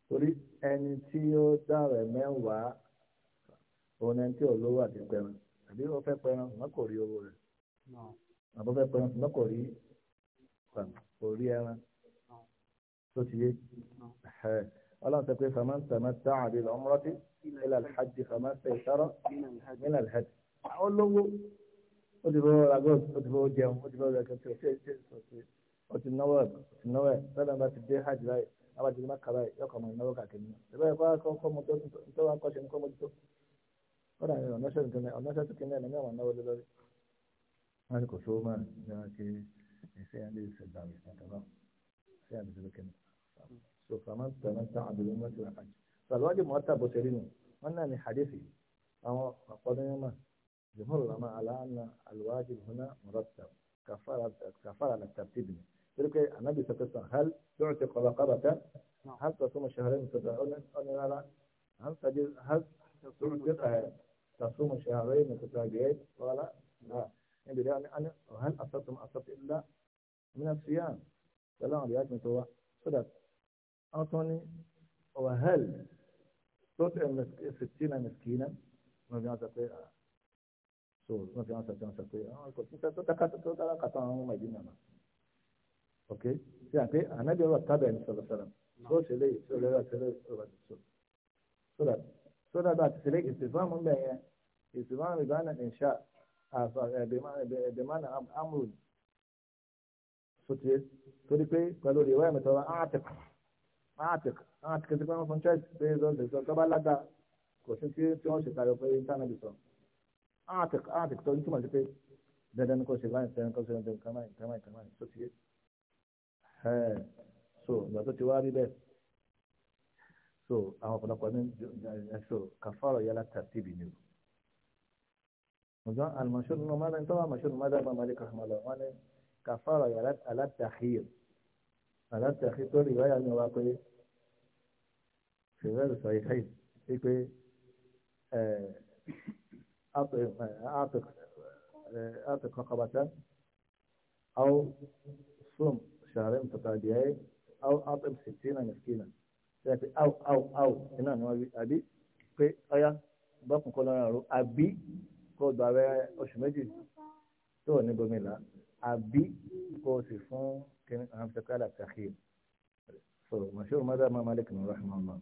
torí ẹni tí ó dàrẹ̀ mẹ́wàá òun ẹni tí ò lówó àti pẹran àbí ó fẹ́ pẹran ṣùgbọ́n kò rí owó rẹ̀ àbó fẹ́ pẹran ṣùgbọ́n kò rí kò rí ẹran tó ti yé ọlọ́run sọ pé faman tamatta'a bil umrati ila al-hajji faman istaytara min al-hadi olówó ó ti fọwọ́ ra gọ́ọ̀sì ó ti fọwọ́ jẹun ó ti fọwọ́ ra kẹsì ọ̀sẹ̀ ṣe ṣọ̀ṣẹ̀ ó ti náwó ti náwó ẹ̀ sọ́dọ̀ bá ti dé hajj láì àbá ti dé máa kàrà yọ kàmọ́ ìnáwó kàkiri náà ìbáyọ̀ kọ́ kọ́ mọ́tò tó wà kọ́ ṣe ń kọ́ mọ́tò kọ́dà ni ọ̀nàṣẹ́ tuntun ọ̀nàṣẹ́ tuntun náà ní àwọn náwó lé lórí. wọ́n ti kò sówó máa ní wọ́n ṣe iṣẹ́ yẹn lè ṣe gbàgbé àtàlọ́ ṣé àmì ìṣẹ̀lẹ̀ kẹ́mi. so faman tẹ̀lé ta àbẹ̀lẹ̀ mọ́tò àjù. sàlùwájú mọ́tà bó nù wọ́n náà ní hadithi àwọn ọ̀pọ̀ جمهور العلماء على أن الواجب هنا مرتب كفارة كفارة ترتيبنا يقول النبي صلى الله عليه وسلم هل تعتق رقبة هل تصوم شهرين متتابعين أو لا هل تجد هل تعتقها تصوم شهرين متتابعين ولا لا يعني أنا هل ما أصبت إلا من الصيام سلام عليكم هو صدق أعطوني وهل تطعم 60 مسكينا ما بيعطي so tí wọ́n fi wọ́n sọ tí wọ́n sọ pé kò sí sọ tó dákàtà tó dára kàtà àwọn ọmọ ìdí nàmà ok sí àpé ànábì ọ̀rọ̀ tábẹ̀ ní sọ̀rọ̀ sọ̀rọ̀ tó ṣẹlẹ̀ ìṣòro rẹ̀ ṣẹlẹ̀ ìṣòro rẹ̀ ṣọ sódà sódà bá ti ṣẹlẹ̀ ìṣèfáàmù ń bẹ̀ yẹn ìṣèfáàmù ìbáná ìṣá àṣà ẹ̀dẹ̀mánà amúlù sotí torí pé pẹ̀lú ìwé ẹ̀mẹ̀tọ́ àtẹ̀k àtẹ̀k àtẹ̀k ti pẹ́ wọn fún church pé ìṣòro ìṣòro tó bá kò sí tí wọ́n ṣètàyọ̀ pé ìtànàbì sọ̀rọ̀ àtẹk àtẹk tó ń túmọ̀ sí pé dandan kò ṣe láyìn sẹ́yìn kò ṣe dandan kan láyìn kan láyìn kan láyìn tó so ìgbà tó ti wá so àwọn ọ̀pọ̀lọpọ̀ ní so kàfàrọ̀ ni o. Mùsùlùmí àlùmọ̀ṣọ́nù náà máa ń tọ́wọ́ àmọ̀ṣọ́nù máa dàgbà máa lè kà máa lọ wọ́n ní kàfàrọ̀ yálà alátàkìyè alátàkìyè tó rí ìwáyà mi wá pé ṣèwéèrè sọ ìhẹ́yì pé أعتق أعتق رقبة أو صم شهرين متتابعين أو أطعم ستين مسكينا لكن أو أو أو هنا نوابي أبي pé ọyá bọ́kùn kọ́ lọ́rọ̀ àrùn àbí kó gba abẹ́rẹ́ oṣù méjì tó wọ̀ ní gómìnà àbí kó o sì fún kí ni àwọn fẹ́ kọ́ àlàkàkì so mọ̀ṣẹ́ òmọ́dá máa máa lè kìnnìún rahman máa.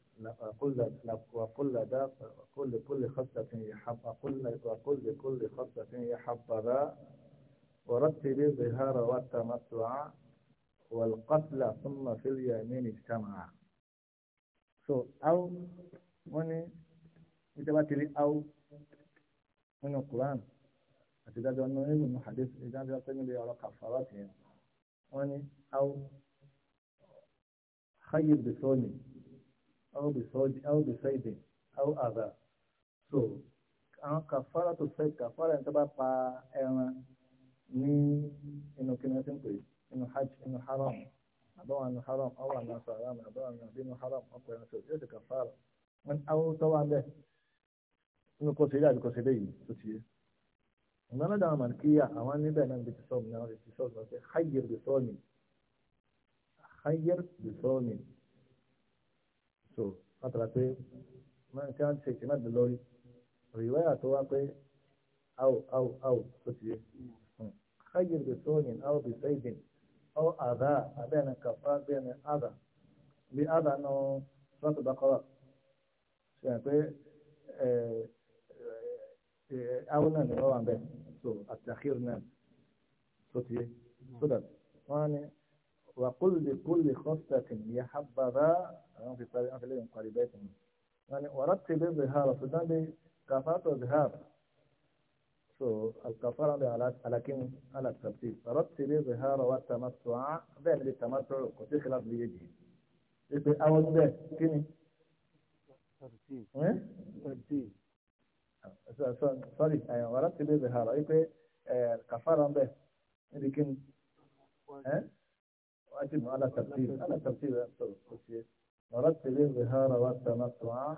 وكل وكل ده وكل كل خصة يحب وكل وكل كل خصة يحبذا ورتب الظهار والتمتع والقتل ثم في اليمين اجتمع so أو من إتبات لي أو من القرآن أتداد أنه إيه من حديث إذا جاءت من بيعلى كفارات مني أو خير بسوني أو بصوج أو بصيد أو other. so àwọn kàfàrà tó fẹ́ kàfàrà yẹn tó bá pa ẹran ní inú kí ni wọ́n ti ń pè inú hajj inú haram àbáwọn inú haram ọwọ́ àná sọ haram àbáwọn inú àbínú haram ọkọ̀ ẹran sọ̀rọ̀ yóò ti kàfàrà wọn àwọn tó wà bẹ́ẹ̀ inú kò sílẹ̀ àbíkọ̀ sílẹ̀ yìí tó ti yé ìgbà náà dáhùn màlìkíyà àwọn níbẹ̀ náà bí ti sọ̀rọ̀ náà ti sọ̀rọ̀ náà ṣe hayir bisọ́ọ̀nì hayir bisọ́ọ̀nì so látara pé kí wọ́n ṣe ìṣẹ́mẹ́ta lórí òyìnbó yà tó wá pé áwò áwò áwò tó ti yé káyé lè tó yìn áwò bí sẹ́yìn ọ́ àdá abẹ́ni kàfá bẹ́ni àdá bí àdá nù sọ́tò bàkọ́rà ṣe hàn pé áwò náà ni wọ́n wà bẹ́ẹ̀ so àtàkìr náà tó ti yé so that wọ́n á ní wà lè kúlù lè kọ́sítàkì yà hábàbà àwọn fi parí àwọn fi lẹ́yìn parí bẹ́ẹ̀ tẹ̀lé wọn ni wàrà tẹ̀lé zihara ṣùgbọ́n bí kàfàtọ̀ zihara so alkafara ala alakin alatabti wàrà tẹ̀lé zihara wa tamattu bẹ́ẹ̀ ni tamattu kò sí kílá bí yéjì ìpè àwọn bẹ́ẹ̀ kí ni. sorry wàrà tẹ̀lé zihara ìpè kàfàrà bẹ́ẹ̀ níbi kí ni. واجب على ترتيب على ترتيب ورتب الظهار والتمتع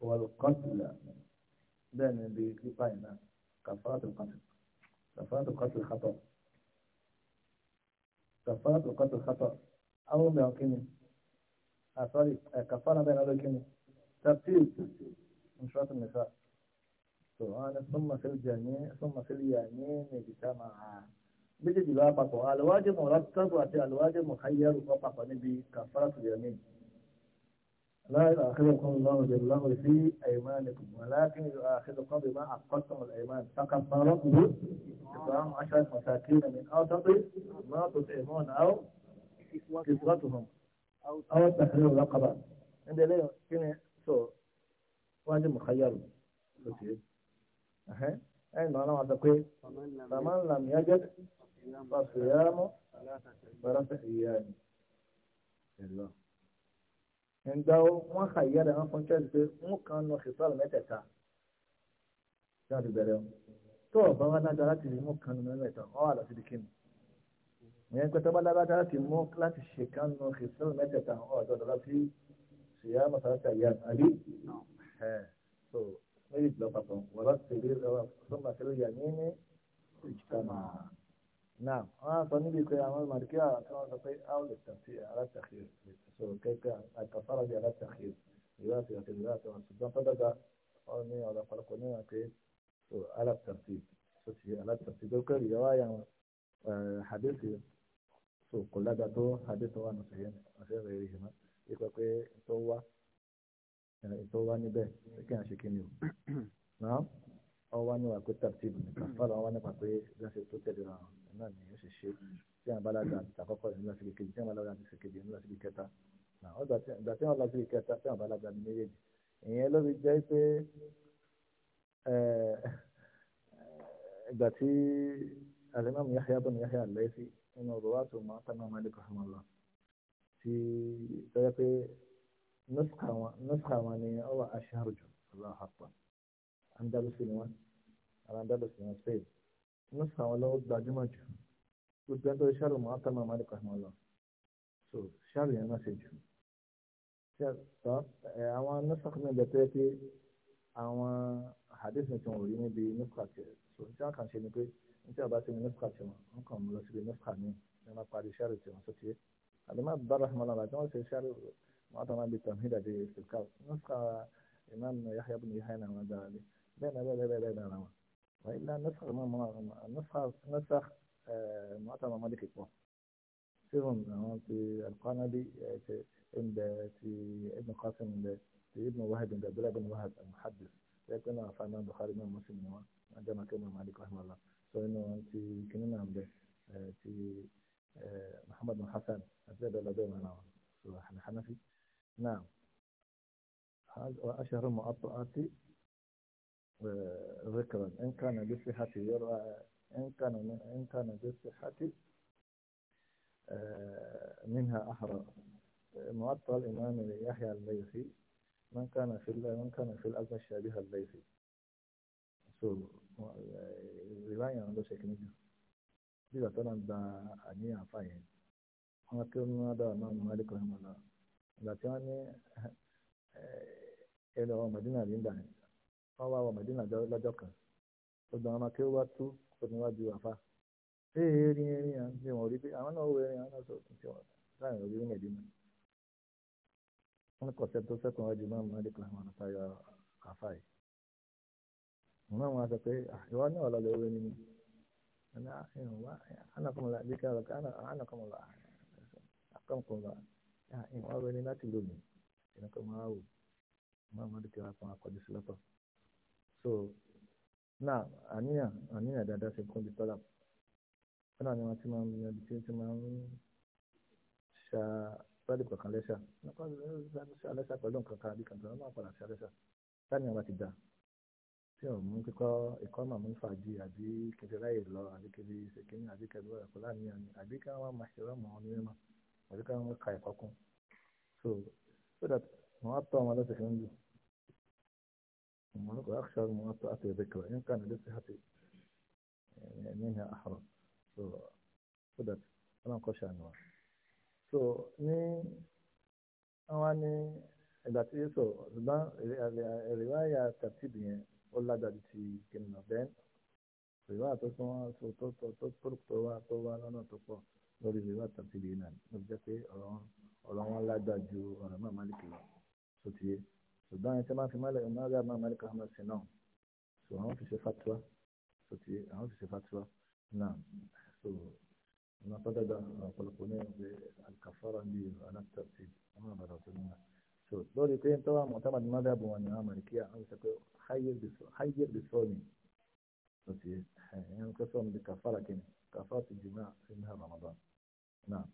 والقتل بين قائمة كفارة القتل كفارة القتل خطأ كفارة القتل خطأ أو بين أصلي آه، آه، كفارة بين الكلمة ترتيب من شروط النساء سؤال ثم في الجميع ثم في اليمين اجتمعا méjèèjì lọ́wọ́ papọ̀ àlùwájú mọ̀ rákàbù àti àlùwájú mọ̀ káyẹ́rù kọ́ papọ̀ níbi kàfàrà tùyẹ̀mí. láàrín àkẹ́lẹ́kùn lọ́rùn jẹ̀rù láwọn sí àìmánìkùn wàlákin àkẹ́lẹ́kùn bí máa àkọ́tàn àìmán takàfàrọ̀ kúrú ìfọ̀hán aṣáájú mọ̀sákì nàmí àwọ̀tọ́pẹ́ máa tó tẹ̀ mọ́ ọ̀nà àwọ̀ kìfúrọ̀tù hàn àwọ̀ tàkìrẹ̀ lọ́kàbà ẹ̀ndẹ̀lẹ́ kí ni sọ wájú mọ̀ káyẹ́rù lọ́sẹ̀ ẹ̀ فصيام ثلاثة أيام nígbà wọn kà yíyá rẹ wọn fún chọọsì pé wọn kàn lọ kìtọọlù mẹ́tẹ̀ẹ̀ta tí wọn ti bẹ̀rẹ̀ wọn tó ọba wọn dájọ láti rí mú kàn lọ mẹ́tẹ̀ẹ̀ta wọn wà lọ sí dikin ìyẹn pé tó bá dábàá dájọ láti mú láti ṣe kàn lọ kìtọọlù mẹ́tẹ̀ẹ̀ta wọn ọdọ ọdọ láti ṣìyá mọsálásá yá àbí ẹ so méjì lọ papọ̀ wọn lọ sí ilé lọ́wọ́ tó máa tẹ́lẹ̀ yà ní ní ìjìká máa. نعم أنا صنبي كي أعمل مركية كما تطيع أو للتمثيل على التخيير للتصور كيف التفرج على التخيير لذاته وكذاته والسلطان فدقى قومي ولا قلقوني كي على الترتيب على الترتيب الكل رواية حديثي سو كل ده حديث هو نصيحين أشياء غيرهما يقول كي توا توا نبه كي أشياء كنيو نعم أو واني وأكو الترتيب كفر أو واني بقى كي جالس تتدرى náà ni yóò ṣe ṣe tí àwọn balaga àti àkọ́kọ́ yẹn lọ síbi kejì tí àwọn balaga àti sèkejì yẹn lọ síbi kẹta ìgbà tí wọn lọ síbi kẹta tí àwọn balaga ni méjèèjì ìyẹn ló fi jẹ́ pé ìgbà tí alimam Yahya bọ́ni Yahya al-Laythi nínú ọ̀rọ̀ wa tó mọ akọ́nà Malik rahimahullah tí tọ́jà pé nọ́sùkà wọn ni ọwọ́ aṣáájú ọlọ́run àpọ̀ Andalusi ni wọn Andalusi ni wọn Spain inú sàwọn lọ́wọ́ gbajúmọ̀ jù tó jẹ́ pé ṣáàrù mọ́ àtàmà máa dìkọ̀ àwọn lọ so ṣáàrù yẹn máa ṣe jù sọ ẹ àwọn nọ́sàkùn náà bẹ̀tẹ̀ pé àwọn hadith nìkan ò rí níbi nípa tiẹ̀ so tí wọ́n kàn ṣe ni pé níta bá ti ní nípa tiẹ̀ wọn wọ́n kàn mú lọ síbi nípa mi ní wọ́n parí ṣáàrù tiẹ̀ wọn sọ́tìyẹ àdìmọ́ bára hàmọ́lá bàtí wọ́n ṣe ṣáàrù Yahya ibn Yahya náà wọ́n dára lé bẹ́ẹ̀ náà bẹ́ẹ̀ وإلا نسخ نسخ نسخ آه، معتمر مالكي كون سيرون في القنبي في آه، عند في ابن قاسم في ابن وهب عند عبد بن وهب المحدث لكن فعلا بخاري من مسلم عندما كان مالك رحمه الله سوينا آه، في كنا عند في محمد بن حسن أزاد لدينا أنا الحنفي نعم وأشهر نعم. المؤطئات ذكرا إن كان بصحتي يرى إن كان إن كان بصحتي آه، منها أحرى معطى الإمام يحيى الليثي من كان في الله من كان في الأرض الشابهة الليثي رواية عن ذا شكل نجا إذا ترى ذا أني أفاين أنا كل ما دا ما مالك رحمه الله لكن أنا آه، إلى مدينة لندن wọ́n wá wọ mẹ̀dínà lọ́jọ́ kan gbogbo àwọn akéwò wá tú òní wá ju àfa ṣé erin erin à ń ṣe wọn rí pé àwọn náà wọ erin àwọn náà sọ òkú ṣe wọn láàrin orí mẹ̀dínà wọn kọ̀ sẹ́ni tó sẹ́kùn wájú máa mú adé kan àwọn àtàyà àfa yìí màmá wọn sọ pé ìwọ náà lọ lọ wẹ́ni ni ana ẹ̀hún wá anakumula bí ká lọ anakumula akamukumula ẹ̀hún wá wẹ́ni láti lómi ẹ̀hún kọ́ máa wò màmá wọn dìkẹ́ wá fún so náà àníyàn àníyàn dáadáa ṣe kún bí tọ́lá fúnà ni wọ́n ti máa ń yanjú tí wọ́n ti máa ń ṣa sọ́ọ̀dì kọ̀ọ̀kan lẹ́ṣà nípa lẹ́ṣà pẹ̀lú nǹkan kan àbí kankan wọ́n máa padà ṣe lẹ́ṣà táníyàn bá ti dà tí ò mú kíkọ́ ẹ̀kọ́ màmú fàájì àbí kejì láyè lọ àbí kejì ṣèkínní àbí kẹlú ẹ̀kọ́ láníyàn ni àbí kí wọ́n máa ṣe rọ́mọ ní mímọ́ àbí kí wọ́n ka ẹ̀kọ́ kún so so that wọ́n á tọ́ wọn lọ́sẹ̀ fi ń lù وأخشى من أطأتي ذكرى إن كان لصحتي يعني منها أحرى so فدت أنا نقش عنها so ni àwọn ni ìgbà tí so ṣùgbọ́n ìrìwáyà tàbíbi yẹn ó lágbàdo ti kìnìún bẹ́ẹ̀ ìrìwáyà tó tún wá so tó tó tó tó tó wá tó wá lọ́nà tó pọ̀ lórí ìrìwáyà tàbíbi yìí náà ló fi jẹ́ pé ọ̀rọ̀ wọn lágbàdo ọ̀rọ̀ náà má lè kìlọ̀ sótìyé ṣùgbọ́n ẹni tí wọ́n fi mọ́lẹ̀ ọmọ ọgá máa mọ́lẹ̀ káwọn sí náà so àwọn fi ṣe fatuwa so ti àwọn fi ṣe fatuwa náà so ọmọ pátádà ọ̀pọ̀lọpọ̀ ní ẹgbẹ́ alikafara bíi aláṣẹ ọmọ àbàdà ọ̀tún náà so lórí pé ń tọ́wọ́ àmọ̀tá màdì mọ́lẹ̀ àbọ̀ wọn ni àwọn mọ̀lẹ́kíyà àwọn sọ pé háyé bí sọ́ọ̀nì so ti ẹ̀yàn kọ́ sọ́ọ̀nì bí kàfàrà kìnnì kàfàrà ti jìnnà sí ní Ramadan
náà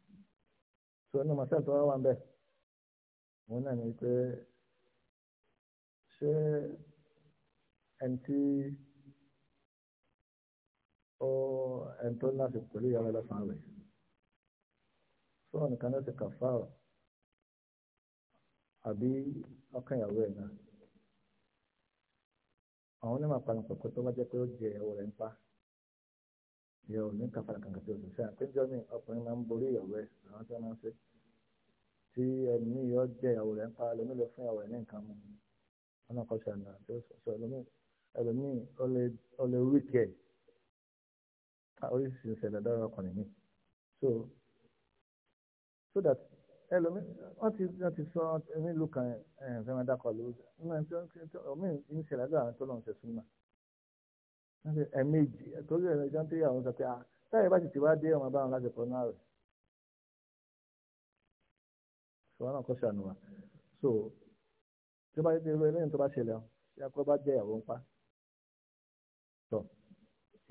so ẹnu màṣẹ́ tó wá wà ń bẹ̀ wọn náà ní pé ṣé ẹni tí ó
ẹni tó ní àṣepọ̀ pẹ̀lú ìyàwó ẹlẹ́sàn rẹ̀ sọ́ọ̀ nìkan náà ti kà fáà àbí ọkàn ìyàwó ẹ̀ náà àwọn onímọ̀ àpanupọ̀ pé tó bá jẹ́ pé ó jẹ ìyàwó rẹ̀ ń pa ìyàwó ní kàfàrà kankan tí o sì ṣe àpéjọ mi ọkùnrin máa ń ọ̀nà kọ́ṣà náà tó sọ ẹlòmíì ẹlòmíì ọlẹ́ wíkẹ̀ ah, oríṣiríṣi ìṣẹ̀lẹ̀ dára ọkùnrin mi so so that ẹlòmíì wọ́n ti wọ́n ti sọ ẹ̀mí ìlú kan ẹ̀ eh, fẹ́ máa dákọ̀ lórí ọmọ ìṣẹ̀lẹ̀ dára tó lọ́n ṣe súnmọ́ ẹ̀ẹ̀mejì torí ẹ̀rọ ìjọ ń tẹ̀yà àwọn sọ pé ah táyà bá ti ti wá dé ọmọ báwọn láti pọ̀ náà rẹ̀ sọ wọn náà kọ́ ṣàánú wa so tó bá dé irú eléyìí tó bá ṣẹlẹ̀ ọ́ yá kó bá jẹ́ ìyàwó ń pa tọ̀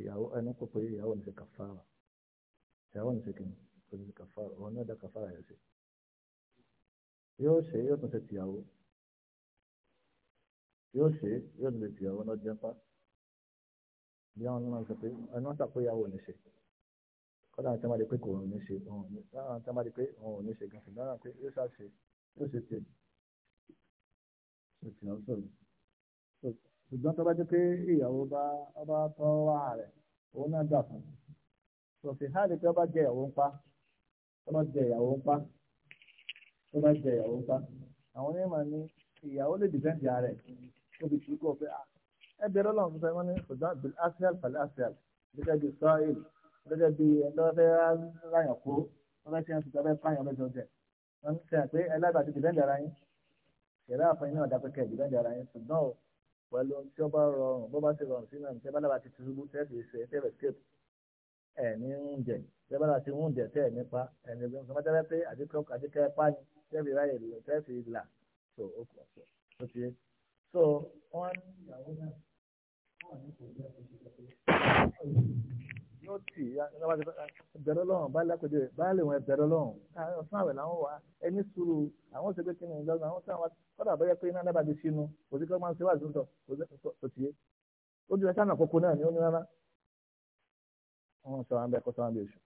ìyàwó ẹnu kò pé ìyàwó
ní ṣe kàfàrà ìyàwó ní ṣe kìnnì kò ní ṣe kàfàrà òun náà dá kàfàrà yẹn ṣe yóò ṣe yóò tún ṣe tìyàwó yóò ṣe yóò tún ṣe tìyàwó náà jẹ́ pa bí àwọn náà sọ pé ẹnu ọ̀sà pé ìyàwó
ní ṣe kọ́dà àwọn tí di pé kò ní ṣe òun ní ṣe àwọn tí pé yóò ṣàṣe yóò ṣe tìyàwó òsì ọ̀sọ̀ yìí ṣùgbọ́n tó bá jẹ́ pé ìyàwó bá ọba tọ́ wá rẹ̀ òun náà gbà fún un sọ̀fì hàn ní pé ọba jẹ ìyàwó ń pa ọba jẹ ìyàwó ń pa ọba jẹ ìyàwó ń pa àwọn onímọ̀ ní ìyàwó lè dìbẹ́ǹdì ààrẹ níbi tí kò fẹ́ ẹ bẹ̀rẹ̀ ọlọ́run tó sẹ́wọ́n ní ṣùgbọ́n bil asial pàlẹ́ asial gẹ́gẹ́ bí sọ́ọ̀ìl gẹ́gẹ́ bí ẹlọ́fẹ́ ráyàn kó ọlọ́sẹ̀ ń sọ ṣẹlẹ̀ àfọyín náà dápẹkẹ ìdílẹjọ ara yín ṣùgbọ́n o pẹ̀lú tí ó bá rọrùn bó bá ti rọrùn sínú ẹni tẹbálà bá ti tìrúbù tẹẹsì ṣe tẹẹbẹ skéèpù ẹ ní oúnjẹ tẹbálà ti oúnjẹ tẹẹ nípa ẹni bí wọn tẹbẹ pé àdìkọ àdìkẹ pani tẹẹbì ráyè lò tẹẹsì là so ó kù ọsẹ ó ti so wọn ní ó tì bẹ̀rẹ̀ lọ́rùn báyìí lápẹ̀jọ́ báyìí wọn bẹ̀rẹ̀ lọ́rùn ọ̀sán àwẹ̀ làwọn wà ẹni sùúrù àwọn ṣe pé kí ni ìjọba àwọn sáwọn kọ́dà bẹ́yẹ pé iná dábàá ti sínú kò sí kí wọ́n máa ń ṣe wáàzú sọ kò tiẹ̀ ó ju ẹ̀sán àkókò náà ní ó ní rárá wọn sọ àwọn ẹ̀kọ́ sọ àwọn ẹ̀ṣù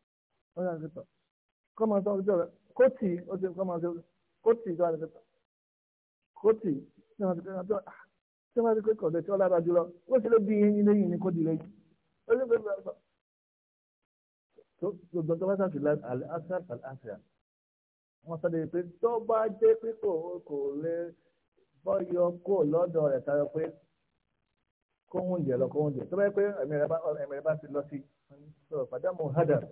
wọn yà sọ kọ́mọ sọ ọjọ́ rẹ kóòtì ó ti kọ́mọ sọ kóòtì ìjọba rẹ kóòtì ní wọn ti kọ́ ọjọ́ tí wọ́n ti kọ́ ọ̀dọ̀ tí wọ́n lára jùlọ ó sì lè bí eyín lẹ́yìn ní kó di lẹ́yìn ó sì lè bí tó gbogbo tó bá sàfihàn al-asar al-asar wọ́n sọ́dọ̀ pé tó bá jẹ́ pé kò kò lè bọ́yọ kó lọ́dọ̀ rẹ̀ tayọ pé kó ń jẹ lọ kó ń jẹ tó bá yẹ pé ẹ̀mí rẹ̀ bá ti lọ sí sọ̀rọ̀ fàdámù hadar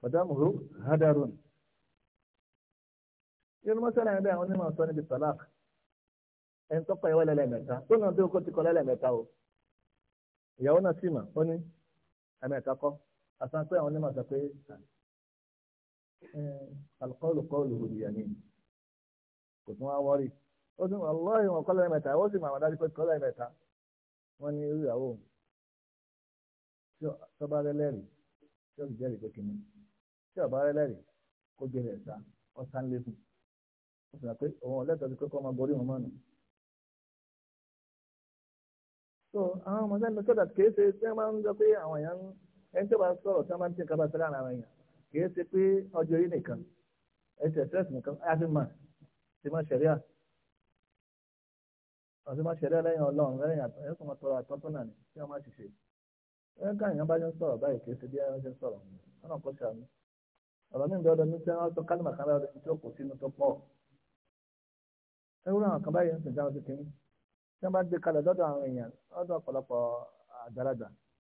fàdámù hadarun yóò mọ́ sẹ́lẹ̀ ẹ̀dá àwọn onímọ̀ sọ níbi talaq ẹni tó kọ ìyàwó lẹ́lẹ́mẹ̀ta tó náà dé oko ti kọ lẹ́lẹ́mẹ̀ta o ìyàwó náà sì mà ó ní ẹ̀mẹ̀ta kọ́ àtàwọn pé àwọn onímọ̀ sọ pé alukọ́ọ̀lù
kọ́ọ̀lù òdì yẹn ni
kò tún wá wọ́ọ̀rì ó tún ọlọ́ọ̀rì wọn kọ́lá mẹ́ta ó sì máa dájú pé kọ́lá mẹ́ta wọ́n ní irú ìyàwó tọ́ba rẹ lẹ́rìí tí ó sì jẹ́rìí pé kìnnì tí ọba rẹ kó jẹ́ rẹ̀ ọ̀sán lẹ́kùn ó sì rà pé òun ọ̀lẹ́tọ̀ọ́ ti kọ́kọ́ máa borí wọn mọ́nu
so àwọn ọmọ sẹ́ni sọ́dà kìí ṣe ṣé máa ń jọ pé àwọn èèyàn
ẹni tó bá sọ̀rọ̀ tí wọ́n bá ń tẹ̀ kábàá sí láàrin àwọn èèyàn kì í ṣe pé ọjọ́ yìí nìkan ẹsẹ̀ stress nìkan ábí mà ti máa ṣẹ̀ríà àti máa ṣẹ̀ríà lẹ́yìn ọlọ́run lẹ́yìn ẹ̀sùn máa tọrọ àtọ́tọ́nà ni tí wọ́n máa ṣiṣẹ́ ẹ̀ka èèyàn bá ń sọ̀rọ̀ báyìí kì í ṣe bí ẹ̀yàn ṣe ń sọ̀rọ̀ ọ̀nà kò ṣàmì ọ̀rọ̀ mi ń dọ́dọ̀ ní sẹ́wọ́n sọ kálímà kan lára ẹni tí ó kù sínú tó pọ̀ ewúrẹ́ àwọn wọ́n bá gbé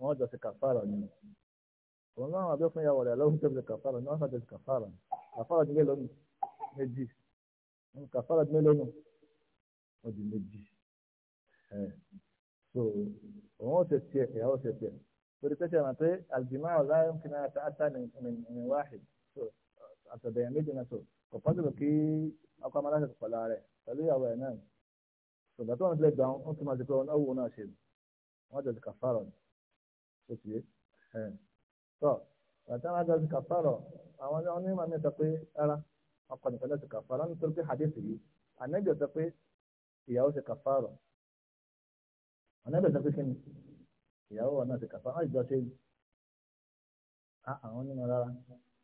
wọ́n jọ ṣe kàfàrà ni òun náà àbẹ́ fún ìyàwó rẹ̀ lọ́wọ́ tó ṣe kàfàrà ni wọ́n ṣàjọ ṣe kàfàrà kàfàrà ni mélòó nù méjì kàfàrà ni mélòó nù
ó di méjì so
òun ó ṣe tiẹ̀ ìyàwó ṣe tiẹ̀ torí pé ṣe àwọn pé àlùjìmọ́ ọ̀la ń fi náà tààtà ní wáhì so àtọ̀bẹ̀yẹ méjì náà so kò pọ́sibù kí ọkọ amáláṣẹ kò pọ̀lá rẹ̀ pẹ̀lú ìyàwó ẹ̀ náà ṣùgbọ́n tó ń tilẹ̀ gbà wọn ó tún máa ṣe pé wọn náà wò náà ṣe wọn jọ ṣe kàfàrà ni òkè ẹ̀ tọ́ bàtà wọn adá sí kàfàrọ̀ àwọn ọmọ ní màmí sọ pé rárá ọkọ nìkan lọ sí kàfàrọ̀ nítorí pé hadith yìí ànábì sọ pé ìyàwó sí kàfàrọ̀ ànábì sọ pé kí ni ìyàwó ọ̀nà sí kàfàrọ̀ ah, àwọn ìjọ ṣe àwọn onímọ̀ rárá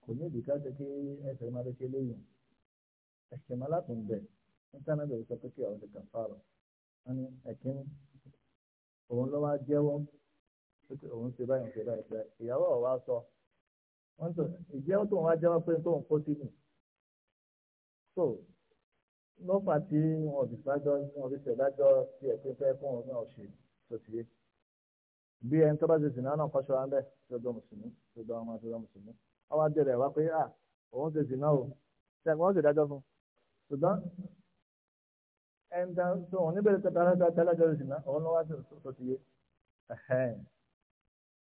kò ní ìdíkà ṣe kí ẹsẹ̀ máa lè ṣe léyìn ẹsẹ̀ máa látún bẹ̀ níta náà bẹ̀rẹ̀ sọ pé kí ni ẹ̀kíní òun ló wá jẹ́wọ́ pé òun ṣe báyìí ṣe báyìí ṣe báyìí ìyàwó ọ̀wá sọ wọ́n tó ìjẹ́ tó ń wá jẹ́wọ́ pé tóun kó sínú so lọ́fà tí wọn fi ṣájọ́ wọn fi ṣèdájọ́ tí ẹ̀ pé fẹ́ fún òun náà ṣe tó ti yé bí ẹni tó bá ṣe sìnà náà kọ́ ṣọ́ra ń bẹ̀ tó dọ́ mùsùlùmí tó dọ́ ọmọ tó dọ́ mùsùlùmí wọ́n wá dẹ̀rẹ̀ wá pé à òun ṣe sìnà o ṣe wọ́n ṣe dájọ́ fún ṣùgbọ́n ẹni tó wọn níbẹ̀rẹ̀ tẹ́lẹ̀ tẹ́lẹ̀ jọ́ ṣìnà òun ló wá ṣe tó ti yé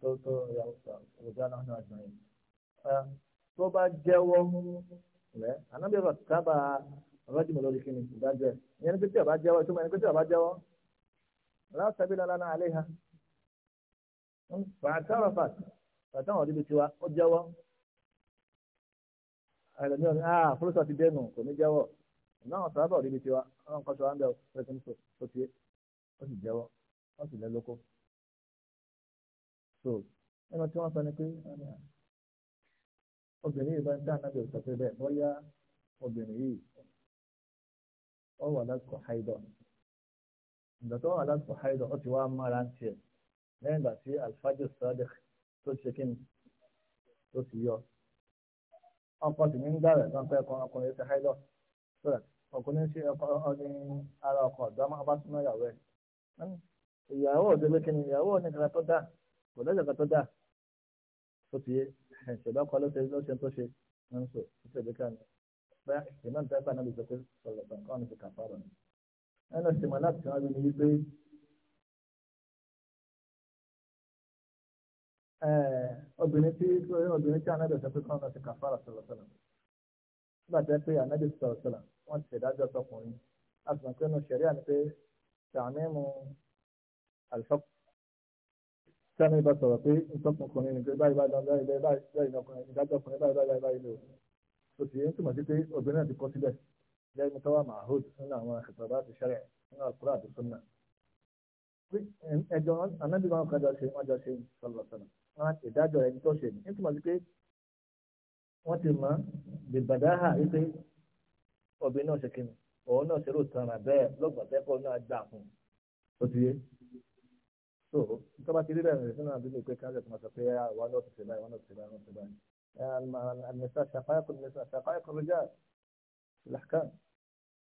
tó tó ọjà náà náà jọ yìí. tó bá jẹ́wọ́ rẹ̀ ànábìyẹ kò sábà ọlọ́jùmọ̀ lórí kí ni ìdájọ́ ẹ̀ ìyẹn ní pé tí ọba jẹ́wọ́ ìtumọ̀ ẹni pé tí ọba jẹ́wọ́ láṣẹ́bí lọ́la náà alẹ́ ha fàtàrà fàt fàtàwọn ọdún tiwa ó jẹ́wọ́ ẹlẹ́ni ọ̀hún ah fúlùsọ̀ ti dẹnu kò ní jẹ́wọ́ náà sábà ọdún tiwa ọ̀hún kọ́ṣọ́ àńdẹ̀ ọ̀hún fẹ́ẹ́ tó ti ó sì jẹ́wọ́
ó sì lẹ́ lóko so ẹnu tí wọ́n sọ ni pé obìnrin yìí bá ń dáná bí òṣìṣẹ́ bẹ́ẹ̀ bóyá obìnrin yìí ọ wà lásìkò haidọ̀ ìgbà tó wà lásìkò
haidọ̀ ó ti wá mára ń tiẹ̀ lẹ́yìn ìgbà tí alfajr sadiq tó ṣe kí ni tó ti yọ ọkọ tì ní ń gbà rẹ̀ lọ́n pẹ́ kan ọkùnrin ti haidọ̀ sọ̀rọ̀ ọkùnrin ṣe ọdún ara ọkọ̀ ọ̀dọ́ ọmọ ọba súnmọ́ ìyàwó ẹ̀ ìyàwó òde ni ìyàwó oníkanra tó kò lọ́jà kan tó dà tó ti yé ṣẹ̀dá ọkọ ló ṣe ló ṣe tó ṣe ń sọ títí ẹ̀dẹ́ kan bẹ́ẹ̀ ìmọ̀ níta
ẹ̀fà náà lè sọ pé sọ̀rọ̀ bàǹkọ́ ni ti kà fọ́ọ̀rọ̀ ni ẹnu sì mọ̀ láti wọ́n ní wípé obìnrin tí obìnrin tí anábì sọ kọ́ ọ́nà ti kà fọ́ọ̀rọ̀ sọ̀rọ̀ sọ̀rọ̀ nígbà tí wọ́n pe anábì sọ̀rọ̀
sọ̀rọ̀ wọ́n ti ṣèdájọ́ sọkùnrin sani bá sọ̀rọ̀ pé ntọ́kùnkùnrin nìkan báyìí báyìí báyìí báyìí báyìí báyìí ọkùnrin ìdájọ́ ọkùnrin báyìí báyìí báyìí lò ó sì ń túmọ̀ sí pé obìnrin náà ti kọ́ síbẹ̀ lẹ́yìn mú tọ́wọ́ mahud nínú àwọn ìṣẹ̀tọ̀bá ti ṣẹlẹ̀ nínú àkúrà àti súnà. ẹjọ́ anábì máa ń kájọ ṣe wọ́n jọ ṣe sọ̀rọ̀ sọ̀rọ̀ wọn ìdájọ́ ẹni tó ṣe ní túmọ̀ sí pé wọ́n ti mọ̀ bìbàdáhà wípé obìnrin náà ṣe kíni òun náà ṣerú tanra bẹ́ẹ̀ lọ́gbọ̀n tẹ́kọ̀ọ́ náà gbà fún un ó ti yé so tó bá ti rí bẹ́ẹ̀ nínú àdúgbò pé káńtà tó máa sọ pé ah, wà lọ́ọ̀ tẹ̀sẹ̀ báyìí wà lọ́ọ̀ tẹ̀sẹ̀ báyìí wà lọ́ọ̀ tẹ̀sẹ̀ báyìí àmìsà ṣàkáyàkùn àmìsà ṣàkáyàkùn rẹjà làkàn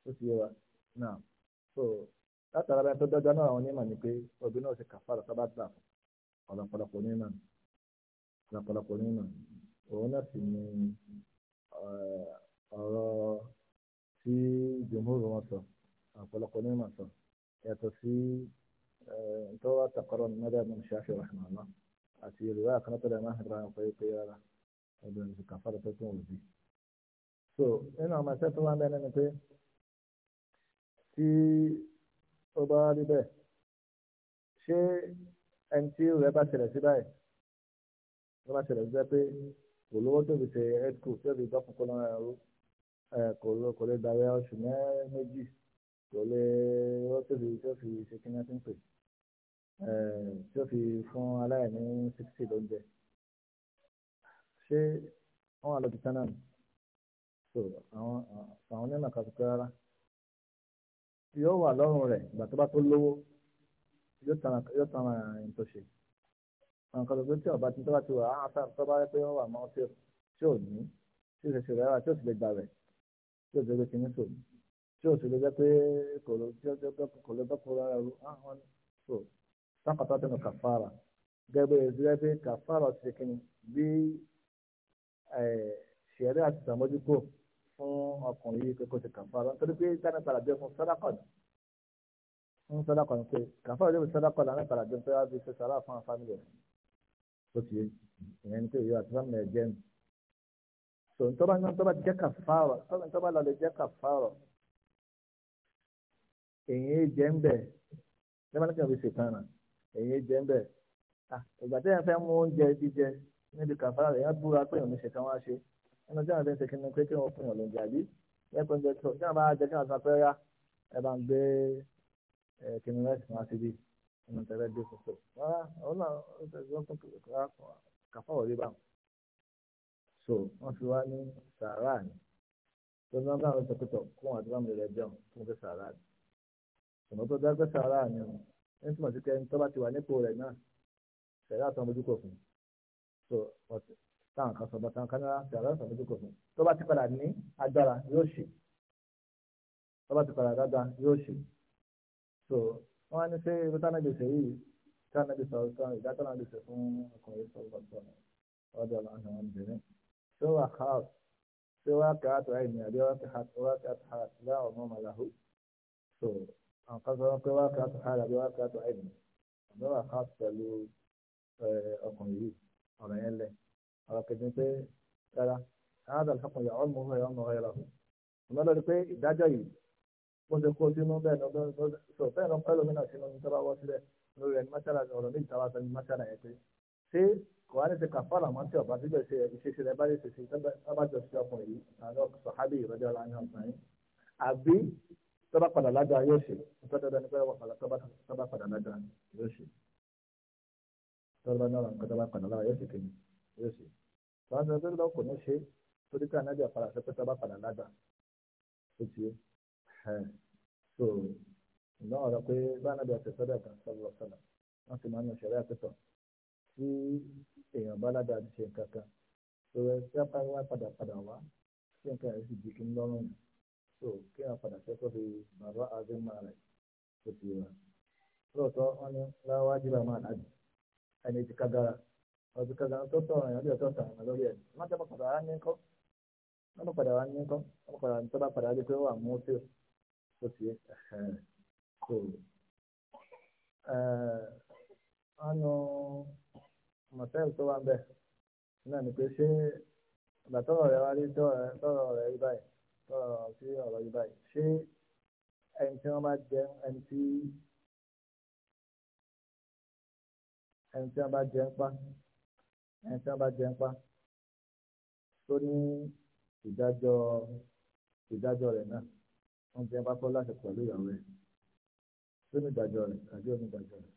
ó ti yé wa náà so látara bẹ́ẹ̀ tó dọ́jọ́ náà àwọn onímọ̀ ni pé obìnrin náà ti kàfàrà sábà gbà ọ̀lọ́pọ̀lọpọ̀ onímọ̀ ọ̀lọ́pọ̀lọpọ̀ onímọ̀ òun náà sì ni eh, ọ̀rọ̀ tí jùmúrù wọn sọ ọ̀pọ̀lọpọ̀ onímọ̀ sọ yàtọ̀ sí توا تقرر مدى من الشافعي رحمه الله أتي رواية نطلع ما هدران قيقي ولا ابن كفارة تكون بي
so nínú àwọn ẹsẹ̀ tó wá bẹ́ẹ̀ nínú pé tí ó bá rí bẹ́ẹ̀ ṣé ẹni tí rẹ̀ bá ṣẹlẹ̀ sí báyìí ló bá ṣẹlẹ̀
sí bẹ́ẹ̀ pé kò kò lè rọ́tòlù tí ó fi ṣe kí ní ti ń pè tí ó fi fún aláìní sixty lóúnjẹ ṣé wọn àlọ́ dìkan náà so àwọn àwọn onímọ̀ kan pẹ́ rárá yóò wà lọ́rùn rẹ̀ ìgbà tó bá tó lówó yóò tan àrùn tó ṣe àwọn kan tó tí ọba tí tó bá ti wà á ah, sá tó bá pé wọn wà mọ́ tí ò ní tí ò ṣe ṣe rẹ̀ wà tí ò sì lè gbà rẹ̀ tí ò ṣe gbé kinní sòmí tí o sì lè jẹ́ pé kò lè jẹ́ pé kò lè bẹ́kọ̀ rárá ru ahọ́n so sápàtà tẹnu kàfàrà gẹ́gẹ́ bí ẹ pé kàfàrà ti ṣe kíni bí ṣẹ̀rí àti ìsàmójúkò fún ọkùnrin yìí pé kò ṣe kàfàrà nítorí pé dáná padà jẹ́ fún sọ́dákọ̀ ni fún sọ́dákọ̀ ni pé kàfàrà jẹ́ fún sọ́dákọ̀ làwọn padà jẹ́ pé wọ́n fi ṣe sàrà fún àfámìlì rẹ̀
tó ti ìyẹn ni pé
ìyọ àti fámìlì rẹ̀ jẹ́ ni so ntọ́ba ntọ́ba jẹ́ kàfàrà ntọ́ba lọ èyí jẹ́ ń bẹ̀ lẹ́mọ̀lẹ́ kan fi ṣètànà èyí jẹ́ ń bẹ̀ ìgbà tí èèyàn fẹ́ mú oúnjẹ jíjẹ níbi kàfàrà èèyàn búra pé òun ṣètàn wá ṣe ẹnu tí wọn fi ń ṣe kí ni pé kí wọn fún yàn lóúnjẹ àbí lẹ́kọ̀ọ́ oúnjẹ tó tí wọn bá jẹ kí wọn san pẹ́ẹ́rẹ́ ẹ bá ń gbé kìnìún rẹ̀ sùn láti bí ẹnu tẹ̀lé dé kòtò rárá òun náà ó tẹ̀sí wọn fún kàfàrà rí báwọn so wọn fi wá ní sàárà ni tó ní ọ̀nà tó dágbé sàárà ni o ẹni tí mo ti kẹ́ni tó bá ti wà nípò rẹ̀ náà sẹ̀rẹ̀ àtàn mojúkọ̀ fún so táwọn kan sọ̀bọ̀ táwọn kan náà sẹ̀rẹ̀ àtàn mojúkọ̀ fún tó bá ti padà ní agbára yóò ṣe tó bá ti padà dáadáa yóò ṣe so wọ́n á ní sẹ́ ibi táwọn ẹgbẹ̀sẹ̀ yìí táwọn ẹgbẹ̀sẹ̀ ọ̀sán ìdájọ́ náà lè fún ọkùnrin sọ̀rọ̀ sọ̀rọ̀ ọ̀dọ̀ àwọn obìnrin ṣé wà káàt ṣé wà káàt àwọn kan sọ pé wá kíláàsì hàlà bí wá kíláàsì àìní àbí wá kíláàsì pẹ̀lú ọkùnrin yìí ọ̀rọ̀ yẹn lẹ̀ ọ̀rọ̀ kejì pé rárá àádọ́ ìfọkàn yà ọ́nmú ọ̀yọ́ ọ̀nà ọ̀yọ́ lọ. ọ̀nà lọ́dọ̀ pé ìdájọ́ yìí ó ṣe kó sínú bẹ́ẹ̀ ni ọdún sọ bẹ́ẹ̀ ni ọpẹ́ lómìnà sínú ní tọ́ba wọ́ sílẹ̀ lórí ẹni mọ́ṣára ọ̀rọ̀ méjì tàwa sọ ní mọ́ṣára yẹn tọ́ba padà lájà yóò ṣe ìfẹ́ dandan ní pé tọ́ba padà lájà yóò ṣe tọ́ba náà nǹkan tọ́ba padà lájà yóò ṣe kéde yóò ṣe tọ́ba náà tọ́ba kò ní ṣe torí pé anájà padà sọ pé tọ́ba padà lájà ó ti ẹ so ìgbà wọn rọ pé bá anájà ṣe sọ́dọ̀ kan sọ́dọ̀ sọ́dọ̀ wọ́n ti máa ń ṣẹ̀rí àpẹtọ̀ tí èèyàn bá lájà ṣe nǹkan kan tó ẹ sí apá wa padà padà wá ṣé so kí wọn padà sẹ́kọ̀ bí bàbá azimá rẹ̀ tó ti wà. lóòótọ́ wọn ní láwájú bá máa nàbì ẹni ti kágara wọn ti kágara tó tọ̀ ọ̀ràn lórí ọ̀tọ̀ ọ̀ràn lórí ẹ̀ wọn jẹ́ padà wá ní kọ́ wọn padà wá ní kọ́ wọn padà tó bá padà dé pé ó wà mú sí tó ti so wọn nu mọ̀tẹ́ẹ̀lì tó wà ń bẹ̀ náà ni pé ṣé ìgbà tọ́rọ̀ rẹ̀ wá rí tọ́rọ̀ rẹ̀ rí báyìí sọ̀rọ̀ sí ọ̀rọ̀
yìí báyìí ṣé ẹni tí wọ́n bá jẹ ẹni tí ẹni tí wọ́n bá jẹ ń pa ẹni tí wọ́n bá jẹ ń pa tó ní ìdájọ́ ìdájọ́ rẹ̀ náà wọ́n jẹ bá kọ́ láti pẹ̀lú ìyàwó rẹ̀ tó ní ìdájọ́ rẹ̀ àbí òní ìdájọ́ rẹ̀.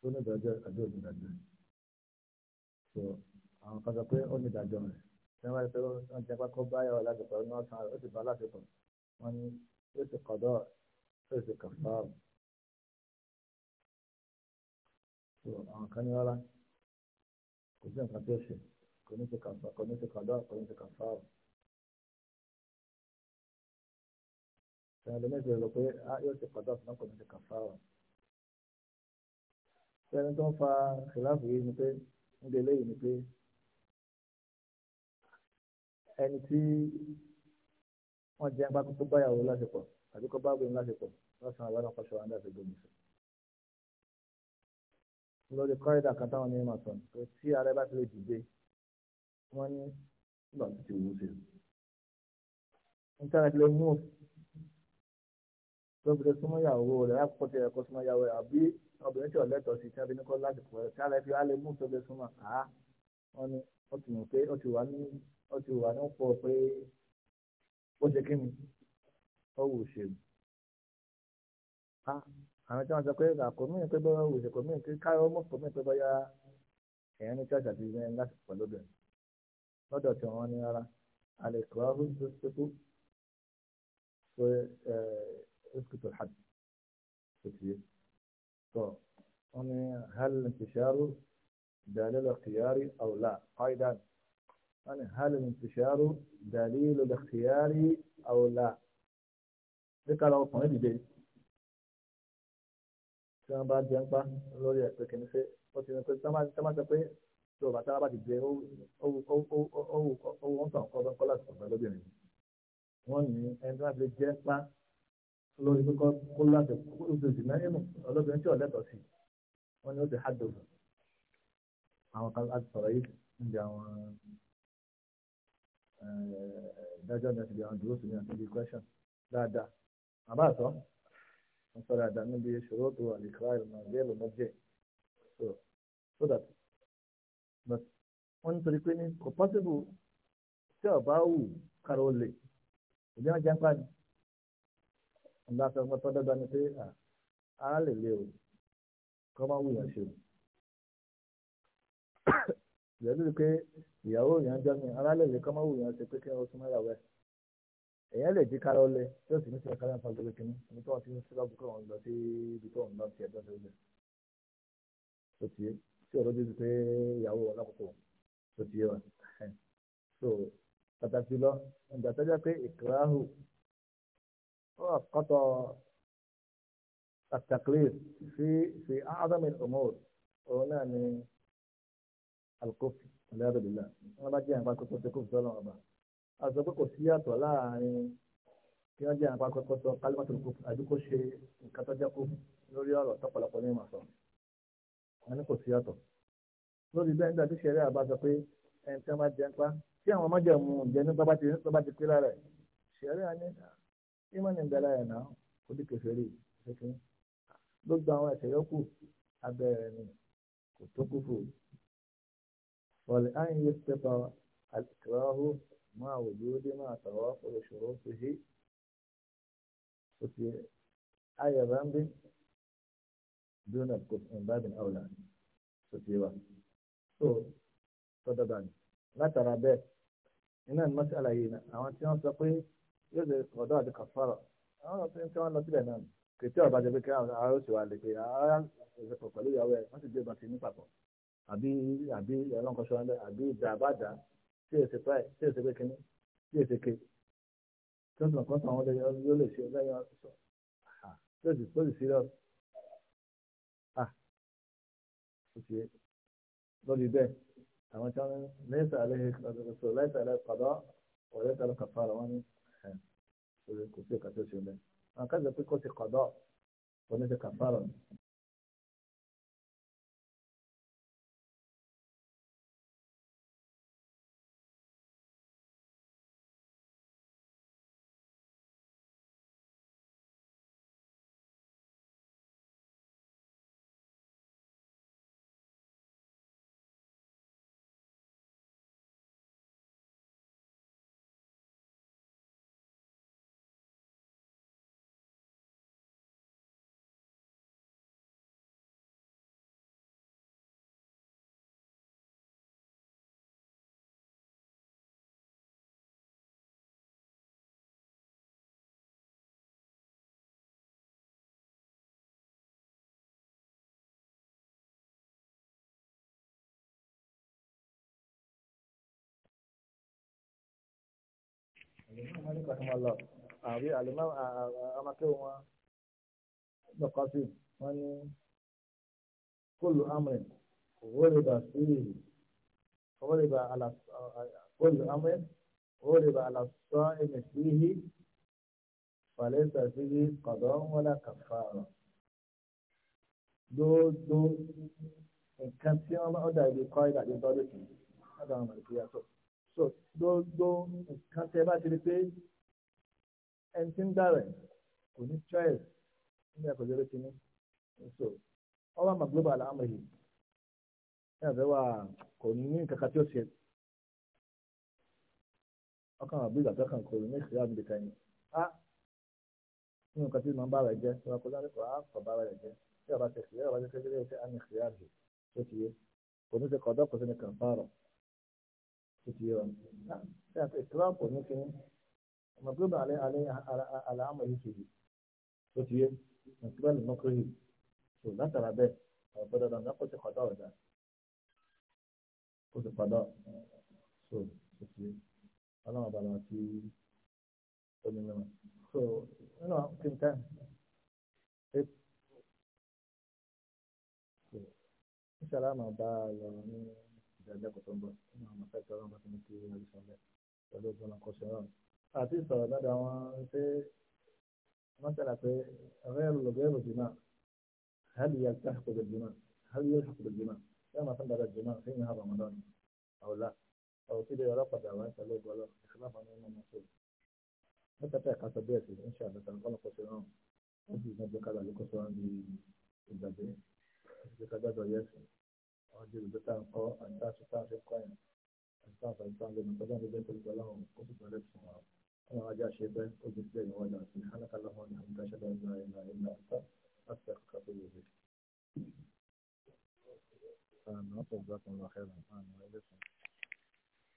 tó ní ìdájọ́ àbí òní ìdájọ́ rẹ̀ àwọn kan sọ pé ó ní ìdájọ́ rẹ̀ tí wọ́n bá pẹ́ wọ́n jẹ́ pákó báyọ̀ aláṣepọ̀ ní ọ̀sán rẹ̀ ó sì bá aláṣepọ̀ wọ́n ní yóò sì kọ̀dọ̀ yóò sì kàn fáàmù. àwọn kan ní rárá kò sí nǹkan tí ó ṣe kò ní ti kàn kò ní ti kọ̀dọ̀ kò ní ti kàn fáàmù. sọ̀rọ̀ lómi ìṣòro rẹ̀ pé yóò sì kọ̀dọ̀ ṣùgbọ́n kò ní ti kàn fáàmù. sẹ́ni tó ń fa
ìlàfù yìí ni pé ń ẹni tí wọ́n jẹ́ agbá tó báyàwó láṣepọ̀ àbí kó bá obìnrin
láṣepọ̀ lọ́sàn-án àwọn ọkọ̀ ṣọ̀rọ̀ àǹdà ṣègbè mi.
lórí kọ́rídà kan táwọn ní ìmọ̀ sọ̀n pé tí ara bá ti lè dìde wọ́n ní ìgbà tó ti wù ú sí i. internet lè mú tó fi lè súnmọ́ ìyàwó rẹ̀ lápò tí ẹ̀kọ́ súnmọ́ ìyàwó rẹ̀ àbí obìnrin tí ọ̀lẹ́tọ̀ sí tí wọ́n fi ní kọ́ láti pọ̀ rẹ̀ tí ara fi á lè mú tó lè súnmọ́ àá wọ́n ní ó ti mọ̀ pé ó ti wà ní ó ti wà nípò pé ó ṣe kí ni ó wù ṣèlú ah, àwọn tí wọ́n sọ pé àkómí pé bọ́ wù ṣe kòmí pé káyọ̀ mọ̀ kòmí pé bọ́yá èèyàn ní church àti ìyẹn láti pọ̀ lọ́dọ̀ lọ́dọ̀ tí wọ́n ní rárá
alẹ́ kọ́ ọ́hún tó ṣe kú pé اسكت الحد كتير فهم هل الانتشار
دليل اختياري او لا قاعدة يعني هل الانتشار دليل الاختيار أو لا ذكر لو كان دي tí wọ́n bá jẹ ń pa lórí ẹ̀pẹ́ kìíní ṣe ó ti ní pé tí wọ́n bá sọ pé tó bàtà bá ti jẹ owó ń tàn kọ́ bẹ́ẹ̀ kọ́lá ìsọ̀tàn lóbìnrin wọ́n ní ẹni tí wọ́n fi jẹ́ pa lórí kíkọ́ kó láti kó lóṣooṣù mẹ́rin olóbìnrin tí ọ̀lẹ́tọ̀ sí wọ́n ní ó ti hádùn àwọn kan láti sọ̀rọ̀ yìí ń jẹ àwọn ìdájọ́ eh, eh, mi àti ìdáhùn dúró sí mi àti ibi question dáadáa àbá àtọ́ wọ́n sọ dáadáa níbi ìṣòro tó wà nìkan láì lọ́nà bẹ́ẹ̀ lọ́nà jẹ́ so so that but wọ́n nítorí pé ní kò possible tí ọba wù káró lè ìdí wọn jẹ́ ń pàdé ọ̀gá sọ pé tọ́jú dání pé ara lè lé o kọ́ máa wù *coughs* pé ìyàwó èèyàn jọ mi aráàlú lè kọ́mọ́wò èèyàn ṣe pé kí wọ́n súnmọ́ ìyàwó ẹ̀ èèyàn lè jí kárọ́ lẹ tí ó sì ní sọ̀rọ̀ kárọ́ ìfọ̀gbẹ́ kìíní ibi tí wọ́n ti ń sílọ́ọ̀bù kọ́ wọn lọ sí ibi tó ń lọ sí ẹ̀dọ́ tó lẹ̀ tó ti tí ọ̀rọ̀ dídí pé ìyàwó wọn lákòókò tó ti yẹ wọn. *laughs* so pàtàkì lọ ìgbà tó jẹ́ pé ìkìláhù ó àkọ́tọ̀ àtàkìlẹ̀ sí sí alhamdulilayi wọn bá jẹ́ àǹpa kọ́kọ́ tó kó fi sọ́lọ́ ọba a sọ pé kò sí yàtọ̀ láàrin kí wọ́n jẹ́ àǹpa kọ́kọ́ sọ kálímọ́tò kó àdúgbò ṣe nǹkan tó jẹ́ kó lórí ọ̀rọ̀ tọ́pọ̀lọpọ̀ ní ìmọ̀ sọ wọn ní kò sí yàtọ̀ lórí bẹ́ẹ̀ nígbà tí sẹ́rí àbá sọ pé ẹni tí wọ́n bá jẹ́ ńpa tí àwọn ọmọ jẹ̀mú jẹ́ ní bá ti bá ti pé lára ẹ̀ sẹ́rí àní ìmọ̀ ní ah, ìgbàlá ẹ̀ náà kò dì kẹfẹ́rì kékeré ló gba àwọn ẹ̀sẹ̀ yọkù
ولأن يستطيع
الإكراه مع وجود ما توافر شروطه
وفي أي ذنب دون الكفر من باب أولى ستيوة
so صددان لا ترى به إن المسألة هنا أو أنت نصقي يوجد قضاء كفارة أو أنت ولا تبين كتير بعد ذلك أنا أعرف سؤالك أنا أقول لك أنا أقول لك أنا أقول لك àbí àbí ẹran kan ṣọlá àbí ìdá àbáàdá tí èsè pẹ́ tí èsè pé
kínní tí èsè ké tí ó tún kọ́ sọ àwọn ọdẹ yóò lè ṣe lẹ́yìn ọ̀sọ̀ tí ó sì tó sì ah ó ṣe
lórí bẹ́ẹ̀ àwọn tí wọ́n lẹ́sà alẹ́ ọ̀sọ̀ lẹ́sà alẹ́ padà
ọ̀rẹ́ tàbí kàfàrà wọn ni kò sí ìkàtó ṣe lẹ́ àwọn kájọ pé kó ti kọ̀dọ̀ kò ní ti kàfàrà ni. wọ́n ní kàtúmọ̀ lọ àbí àlùmọ́ amákẹ́wò wọn lọ́kọ́ sí wọ́n ní kóòlù amrin òwòrìbà sílẹ̀ òwòrìbà kóòlù amrin
òwòrìbà àlàsọ ẹ̀mẹ̀ sílẹ̀ fàlẹ́sà sílẹ̀ kọ̀dọ̀ wọlé kàfàrà gbogbo nǹkan tí wọ́n dàbí kọ́ ìdàgbé tọ́lẹ̀ kì í wọ́n dàbí mọ̀lẹ́kì yàtọ̀ so gbogbo nǹkan tẹ bá ti rí pé ẹni tí ń dàrẹ̀ kò ní stress
ní ẹ̀kọ́ ìjọba kìíní so ọwọ́ àmà global àmọ̀ yìí ẹ̀ fẹ́ wà kò ní ní nǹkan kan tí ó ṣe ọkàn àbí ìgbàgbọ́ kan kò ní ní ìṣẹ́ àbí ìkànnì á ní nǹkan tí màá bá
rẹ̀ jẹ́ ìwà kọjá nípa á kọ̀ bá rẹ̀ jẹ́ tí a bá ṣe ìṣẹ́ ìwà bá ṣe kékeré ṣe á ní ìṣẹ́ àbí tó ti yé kò ní ṣe kọ̀dọ́ kò sí ní kàn fáàrọ̀ títí yọ ṣáàtì ìtúrápù ní kíní ọmọgbẹ́bà alẹ́ alẹ́ àlàámọ̀ yìí kejì tó ti yẹ ìtúrápù mọ́kúrì tó látara bẹ́ẹ̀ àwọn ọ̀pọ̀ dandan náà kò ti kọ̀dọ̀ ọ̀dà
kò ti kọ̀dọ̀ tó tó ti yẹ ọlọ́run ọba làwọn ti onímọ̀ so nínú kíńtà ìṣàlámà bá ìdájọ́ tó ń bọ̀ nínú àwọn mọ̀sáìtì ọlọ́run bá ti ní kí wọ́n sọ bẹ́ẹ̀ pẹ̀lú
ogun ọkọ̀ ṣe ọ̀rọ̀ àti sọ̀rọ̀ lọ́dọ̀ àwọn ṣé wọ́n tẹ̀lé pé rẹ́ẹ̀rù lọ́gẹ́rù jìmá hàlì yà tá àkùdù jìmá hàlì yà àkùdù jìmá yóò máa tán dada jìmá fún ìhà ramadan àwòlá àwòtí lè ọlọ́pàá àwọn pẹ̀lú ogun ọlọ́ ìsìláfà ní ọmọ mọ́tò mẹ́ta tẹ̀ ká sọ bẹ́ẹ̀ sí ní ṣàlẹ̀ tàn kọ́nà kọ́ sí ọ̀run ó ọjọ́ ìgbé tá à ń kọ́ àti tá a ṣe tá a ṣe kọ́ yẹn àti tá a ṣe tá a lẹ́nu tọ́lá ní bẹ́ẹ̀ tó gbọ́ láwọn
kó sì bẹ̀rẹ̀ fún wa wọn
àwọn ajá ṣe bẹ́ẹ̀ ó ti ṣe ìwọ́n náà sí hánàkálà wọn ní àmì dáṣẹ́ lọ́wọ́ náà
ìlà ìlà àtà láti ẹ̀kọ́ kàtó yòówé. àmì ọ̀pọ̀ ìgbà kan lọ